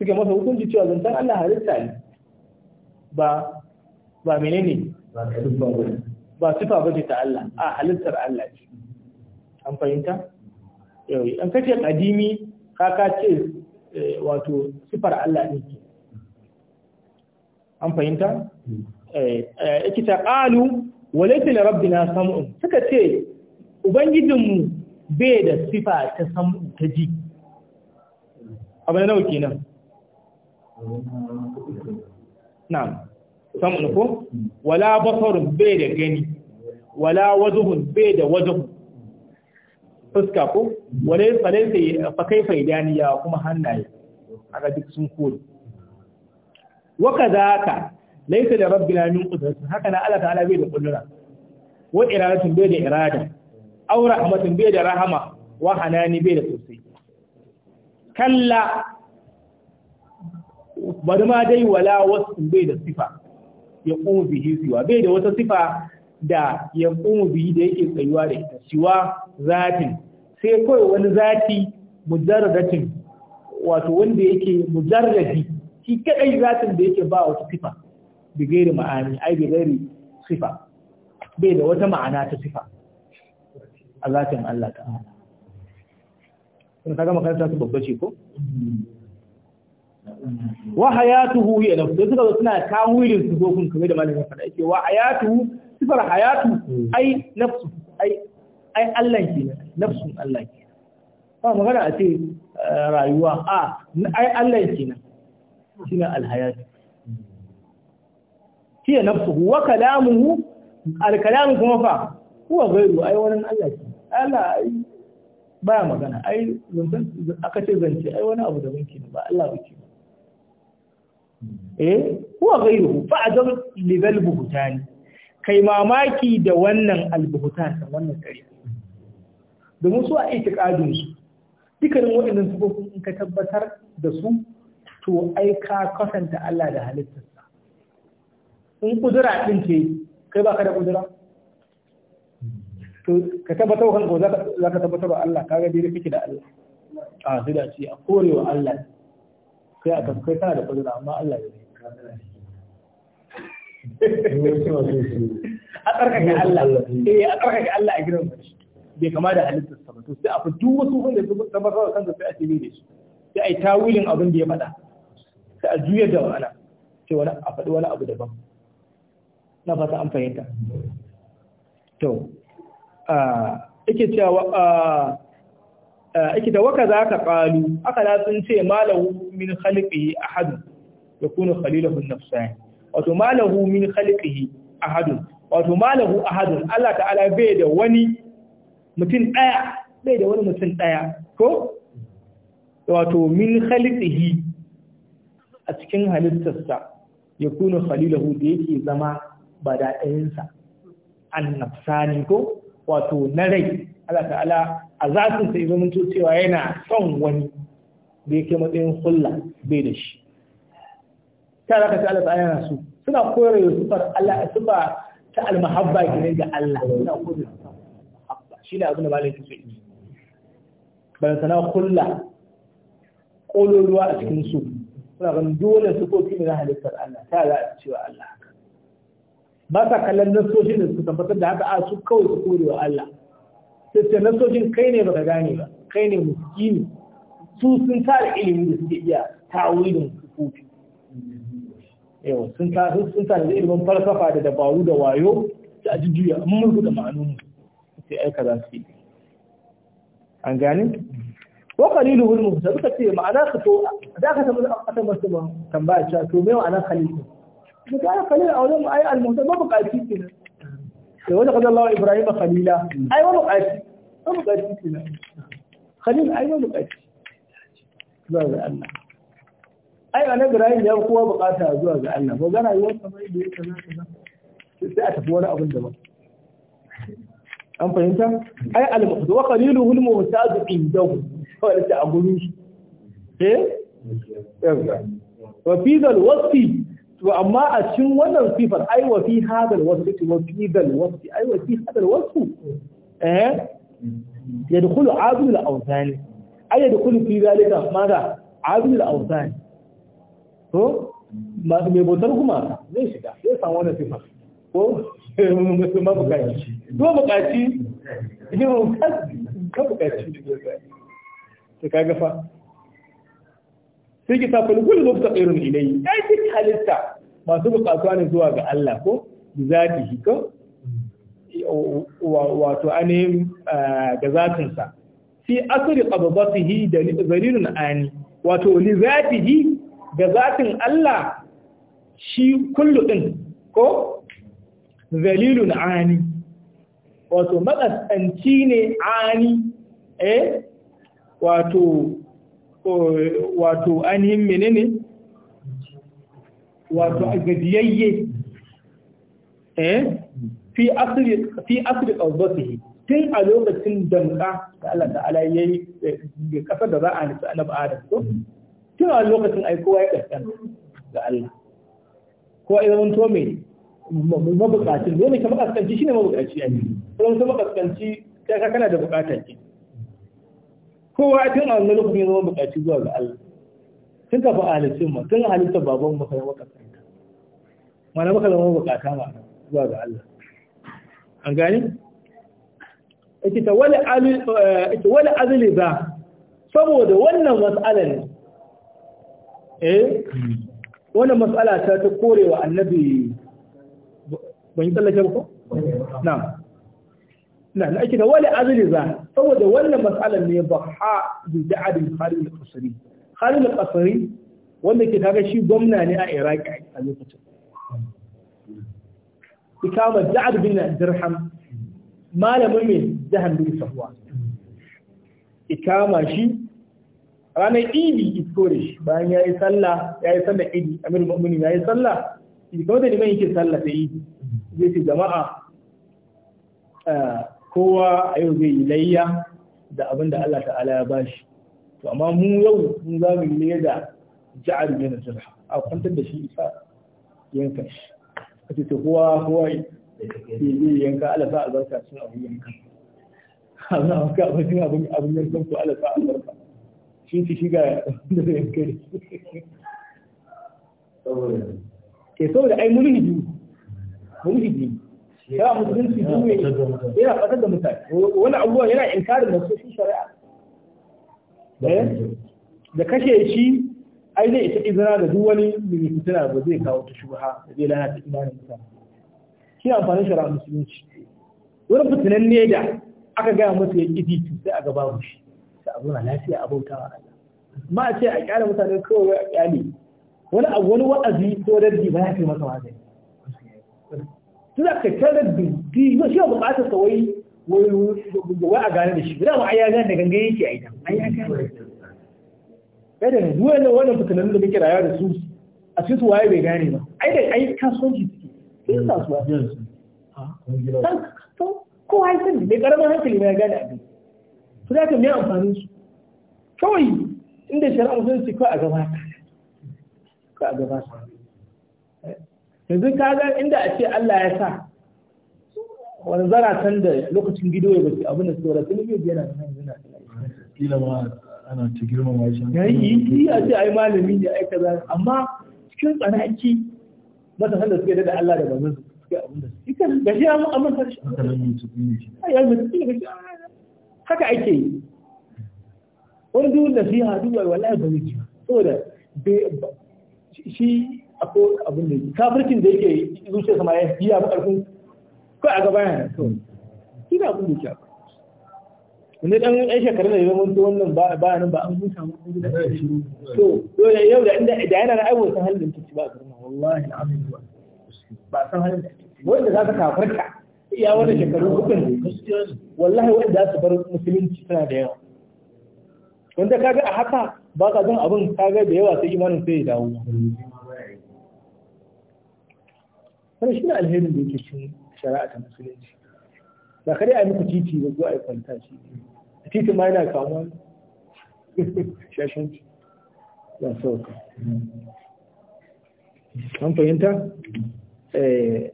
suka masa hukunci cewa zancen Allah halitta ne ba ba menene ba sifa bace ta Allah a halittar Allah ce an fahimta Eh, in ka ce kadimi ka ka ce eh, wato sifar Allah ne ke an fahimta eh, yake ta qalu walaita da rabbi na sam'u suka ce ubangijinmu bai da sifa ta sam'u ta ji Abin na nauke nan na sam'u ko hmm. wala basarun bai da gani wala wajhun bai da wajhun fuska ko wale falai fa kaifa idaniya kuma hannaye haka duk sun kore wa kadaka laisa da rabbina min qudrat haka na Allah ta'ala bai da kullura wa iradatin bai da irada aw rahmatin bai da rahama wa hanani bai da sosai kalla bari ma dai wala wasu bai da sifa ya kuma bihi siwa bai da wata sifa da ya kuma bihi da yake tsayuwa da ita siwa zatin sai kawai wani zati mujarradatin wato wanda yake mujarradi shi kadai zatin da yake ba wata sifa bi gairi ma'ani ai bi gairi sifa bai da wata ma'ana ta sifa a zatin Allah ta'ala kun kaga makaranta ta babba ce ko wa hayatuhu ya nafsu da suka suna tawilin su gogun kamar da malamin fada yake wa hayatuhu sifar hayatu ai nafsu ai ai Allah kenan nafsun Allah ke ba magana a ce eh, rayuwa a ai Allah ke nan shine alhayat kiya nafsuhu wa kalamuhu alkalam kuma fa huwa ghairu ai wannan Allah ke Allah ai ba magana ai zan aka ce zance ai wani abu da banki ba Allah ke eh huwa ghairuhu fa ajab li bal buhtani kai mamaki da wannan albuhutan wannan tarihi domin su a itikadin su dukkanin waɗannan sifofin in ka tabbatar da su to ai ka kasanta Allah da halittarsa in kudura ɗin ke, kai ba ka da kudura to ka tabbatar kan ko za ka tabbatar wa Allah Ka dai kake da Allah a sai da ce a korewa Allah kai a kai kana da kudura amma Allah ya a tsarkake Allah eh a tsarkake Allah a gidan shi bai kama da halittar ba to sai a fi wasu wanda su tabbatar da kansa sai a ce sai a yi tawilin abin da ya faɗa sai a juyar da wani sai wani a faɗi wani abu daban na fata an fahimta to ake cewa ake da waka za ka ƙalu aka na sun ce malahu min khaliqihi ahadun ya kunu khalilahu nafsani wato malahu min khaliqihi ahadun wato malahu ahadun Allah ta'ala bai da wani mutum ɗaya ɗaya da wani mutum ɗaya ko wato min halittahi a cikin halittarsa ya kuna khalilahu da yake zama ba da ɗayansa an nafsani ko wato na rai Allah ta'ala a zatinsa ya zama cewa yana son wani da yake matsayin hulla bai da shi ta zaka ta Allah yana so suna koyar da sufar Allah sufa ta almahabba kenan ga Allah suna shi ne abin da malin su yi bana sana kulla ƙololuwa a cikin su suna ganin dole su kofi ne na halittar Allah ta za a cewa Allah haka ba sa kallon nasoshin da su tabbatar da haka a su kawai su kore wa Allah sai nasoshin kai ne baka gane ba kai ne muskini su sun tara ilimi da suke iya su kofi yau sun tara ilimin falsafa da dabaru da wayo da ajujjuya mun mulku da ma'anomi أي كذا في عن جانب وقليله المفسد كتير معناه خطوة داخل من أقطع مرتبة كم بعد شاكو ميو أنا خليل بس أنا خليل أو لم أي المفسد ما بقى كتير يقول قد الله إبراهيم خليلا أي ما بقى كتير ما بقى كتير خليل أي ما بقى كتير هذا أنا أي أنا إبراهيم يا قوة بقى تعزوز أنا فوق أنا يوم سمعي بيت كذا كذا سأتفور أبو الدبر an fahimta ai al-muhdu wa qaliluhu al-muhtadu indahu wala ta agurin shi eh wa fi dal wasfi to amma a cikin wannan sifar ai wa fi hadal wasfi wa fi dal wasfi ai wa fi hadal wasfi eh yadkhulu al awzani ai yadkhulu fi zalika maza al awzani to mai bautar kuma zai shiga zai san wannan sifar ko mabukaci ko bukaci ne ka bukaci ta kaga fa sai ki tafi kullu muftaqirin ilayhi ai halitta masu bukatuwa ne zuwa ga Allah ko yi ko wato ainihin eh, da zatinsa fi asiri qabdatihi da zalirin ani wato li zatihi ga zatin Allah shi kullu din ko zalilun ani wato matsanci ne ani eh wato wato ainihin menene wato gajiyayye eh fi asiri fi asiri tun a lokacin danka da Allah ta'ala yayi ga eh, kasar da za a nisa annabi Adam to tun a lokacin ai kowa ya kaskanta ga Allah ko ai zaman to me mabukacin dole ka shi ne mabukaci a yanzu kuma ka makaskanci ta ka kana da bukata ke kowa a tun wani lokacin ya zama bukaci zuwa ga Allah tun ka fa'a halittun ma tun halitta baban maka zama mana maka zama bukata ma zuwa ga Allah an gani ita wani azali ba saboda wannan matsalar ne eh hmm. wannan matsala ta ta korewa annabi ban yi tsallake ba ko na na na ake da wani azliza saboda wannan matsalar ne ba ha bid'a bin Khalid al-Qasri Khalid al-Qasri wanda ke kaga shi gwamna ne a Iraq a lokacin ikama Ja'ad bin Dirham malamin mai jahan bin Safwa ikama shi ranar idi iskore shi bayan ya yi sallah ya yi sallah idi amir mu'mini ya yi sallah idi kawai da liman yake sallah da idi zai jama'a eh, kowa a yau zai yi layya da abin da Allah ta'ala ya bashi to amma mu yau mun za mu yi layya da ja'ar yana jirha a kwantar da shi isa yanka shi a ce to kowa kowa yi yanka Allah sa albarka cin abin yanka Allah maka abin abin abin yankan to Allah sa albarka shi ci shiga da yanka ne ke eh, saboda ai yi mulhidi ya musulunci duniya yana fatar da mutane wani abubuwa yana inkarin da sosai shari'a eh? da kashe shi ai zai ita izina da duk wani mai fitina ba zai kawo ta shubha da zai lalata imanin mutane shi amfanin shari'a musulunci wani fitinan ne da aka gaya masa ya ƙidi sai a gaba shi sai a zauna lafiya a bauta wa Allah ma a ce a kyale mutane kawai a kyale wani abu wani wa'azi ko raddi ba ya kai masa magani suna ka da biyu ba shi ba bukatar sa wai a gane da shi ba ma a gane da gangan yake a ita ai ya gane kai da duk wannan da muke rayuwa da su a cikin su waye bai gane ba ai da ai kasuwanci suke sun kasuwa kowa ya sani mai karamin hankali ma ya gane abin su za ka mai amfanin su kawai inda shari'a musulunci kawai a gabata kawai a gabata yanzu ka ga inda a ce Allah ya sa wani can da lokacin gido ya bace abin da su wara sun yi nan yanzu na kila ma ana ta yi a ce ne ai amma cikin tsanaki masa san da suke da Allah da bazan suke abin da kan shi haka nan ai haka ake yi wani duk nasiha duk wallahi ba zai ci saboda shi akwai abin da kafircin da yake zuciya sama ya yi, ba karfin ko a gaba yana kawai shi da abin da yake akwai wanda dan yan shekaru da zaman to wannan ba ba nan ba an huta mu da eh, shiru to to yau da inda da yana na aiwata halin da ba a girma wallahi alazim ba ba san halin da wanda za zaka kafirka ya wani shekaru hukun wallahi wanda za su bar musulunci suna da yawa wanda kaga a haka ba ka jin abin kaga da yawa sai imanin sai ya dawo wani shi ne alherin da yake cin shari'a ta musulunci ba kare a yi muku titi ba zuwa a kwanta shi titi ma yana kamuwa shashanci ba sauka an fahimta eh,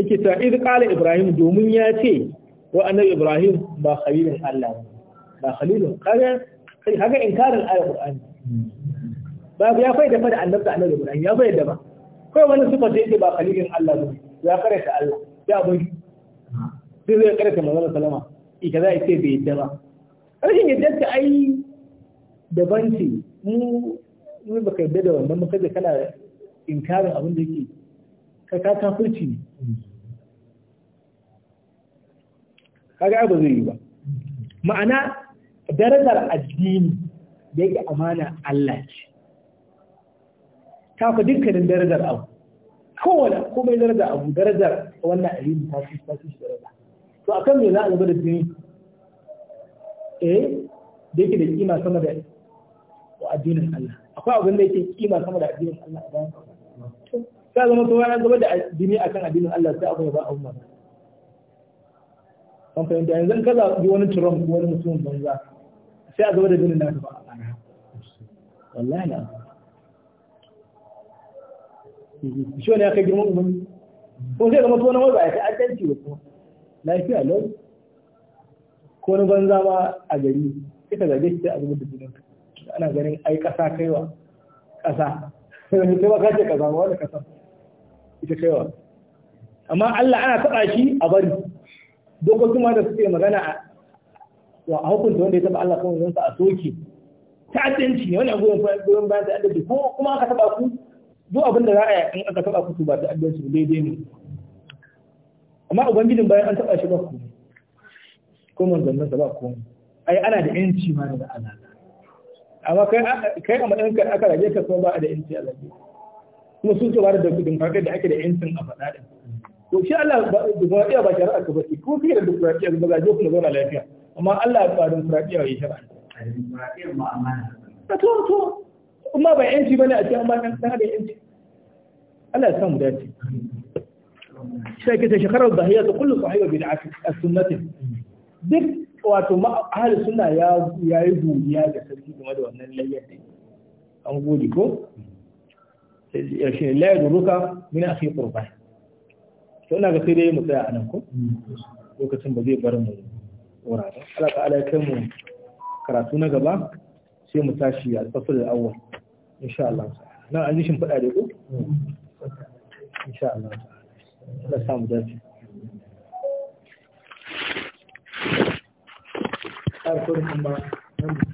ake ta izu ƙala ibrahim domin ya ce wa annabi ibrahim ba khalilin allah ba khalilin kaga haka inkarin ayar qur'ani babu ya fayyada fa da annabi annabi ibrahim ya fayyada ba kawai wani sufa da yake ba khalilin Allah ba ya karanta Allah ya bai sai zai karanta manzon salama ita za a ce bai yadda ba rashin yadda ta ai daban ce mu mu baka yadda da wannan muka je kana inkarin abin da yake ka ka kafirci ne kaga ba zai yi ba ma'ana darajar addini da yake amana Allah ce ta dukkanin darajar abu kowane komai darajar abu darajar wannan ayyukan ta fi ta fi daraja to akan me za a gaba da jini eh da yake da kima sama da wa addinin Allah akwai abin da yake kima sama da addinin Allah a bayan ka zama to wani gaba da jini akan addinin Allah sai abu ba abu mata kan fahimta yanzu kaza bi wani Trump ko wani mutumin banza sai a gaba da na nasa ba a wallahi na shi wani ya kai girman umarni ko sai zama tuwanan wanda a yi ta'addanci da kuma lafiya lau ko na banza ba a gari sai ka zage shi sai a zubar da jinin ana ganin ai kasa kaiwa kasa sai ba kace kaza ba wani kasa ita kaiwa amma Allah ana taɓa shi a bari dokokin ma da suke magana a hukunta wanda ya taɓa Allah kan wanzansa a soke ta'addanci ne wani abu goyon bayan ta'addanci ko kuma aka taɓa ku duk abin da za a yi in aka taɓa kusu ba ta addanci daidai ne amma ubangijin bayan an taɓa shi ba ku ko manzannin sa ba ku ai ana da yanci ma da Allah amma kai kai a matsayin kan aka rage ka kuma ba da yanci Allah kuma sun ce ba da kudin kaga da ake da yancin a faɗa din to shi Allah ba da ba shari'a ka shi ko kike da demokradiya ba ga jokin zauna lafiya amma Allah ba demokradiya yayi shari'a demokradiya ma amana to to amma ba yanci bane a cikin amma dan da yanci Allah ya samu dace sai kace shekarar bahiyya ta kullu sahiba bid'ati as-sunnati duk wato ma ahli sunna ya yayi godiya da sarki game da wannan layyar an gode ko ya yaushe la yaduruka min akhi qurban to ina ga sai dai mu tsaya a nan ko lokacin ba zai bar mu wurare Allah ta'ala ya kai mu karatu na gaba sai mu tashi a tsafin awwal insha Allah na an yi shin fada da ku insha Allah Allah samu dace har kuma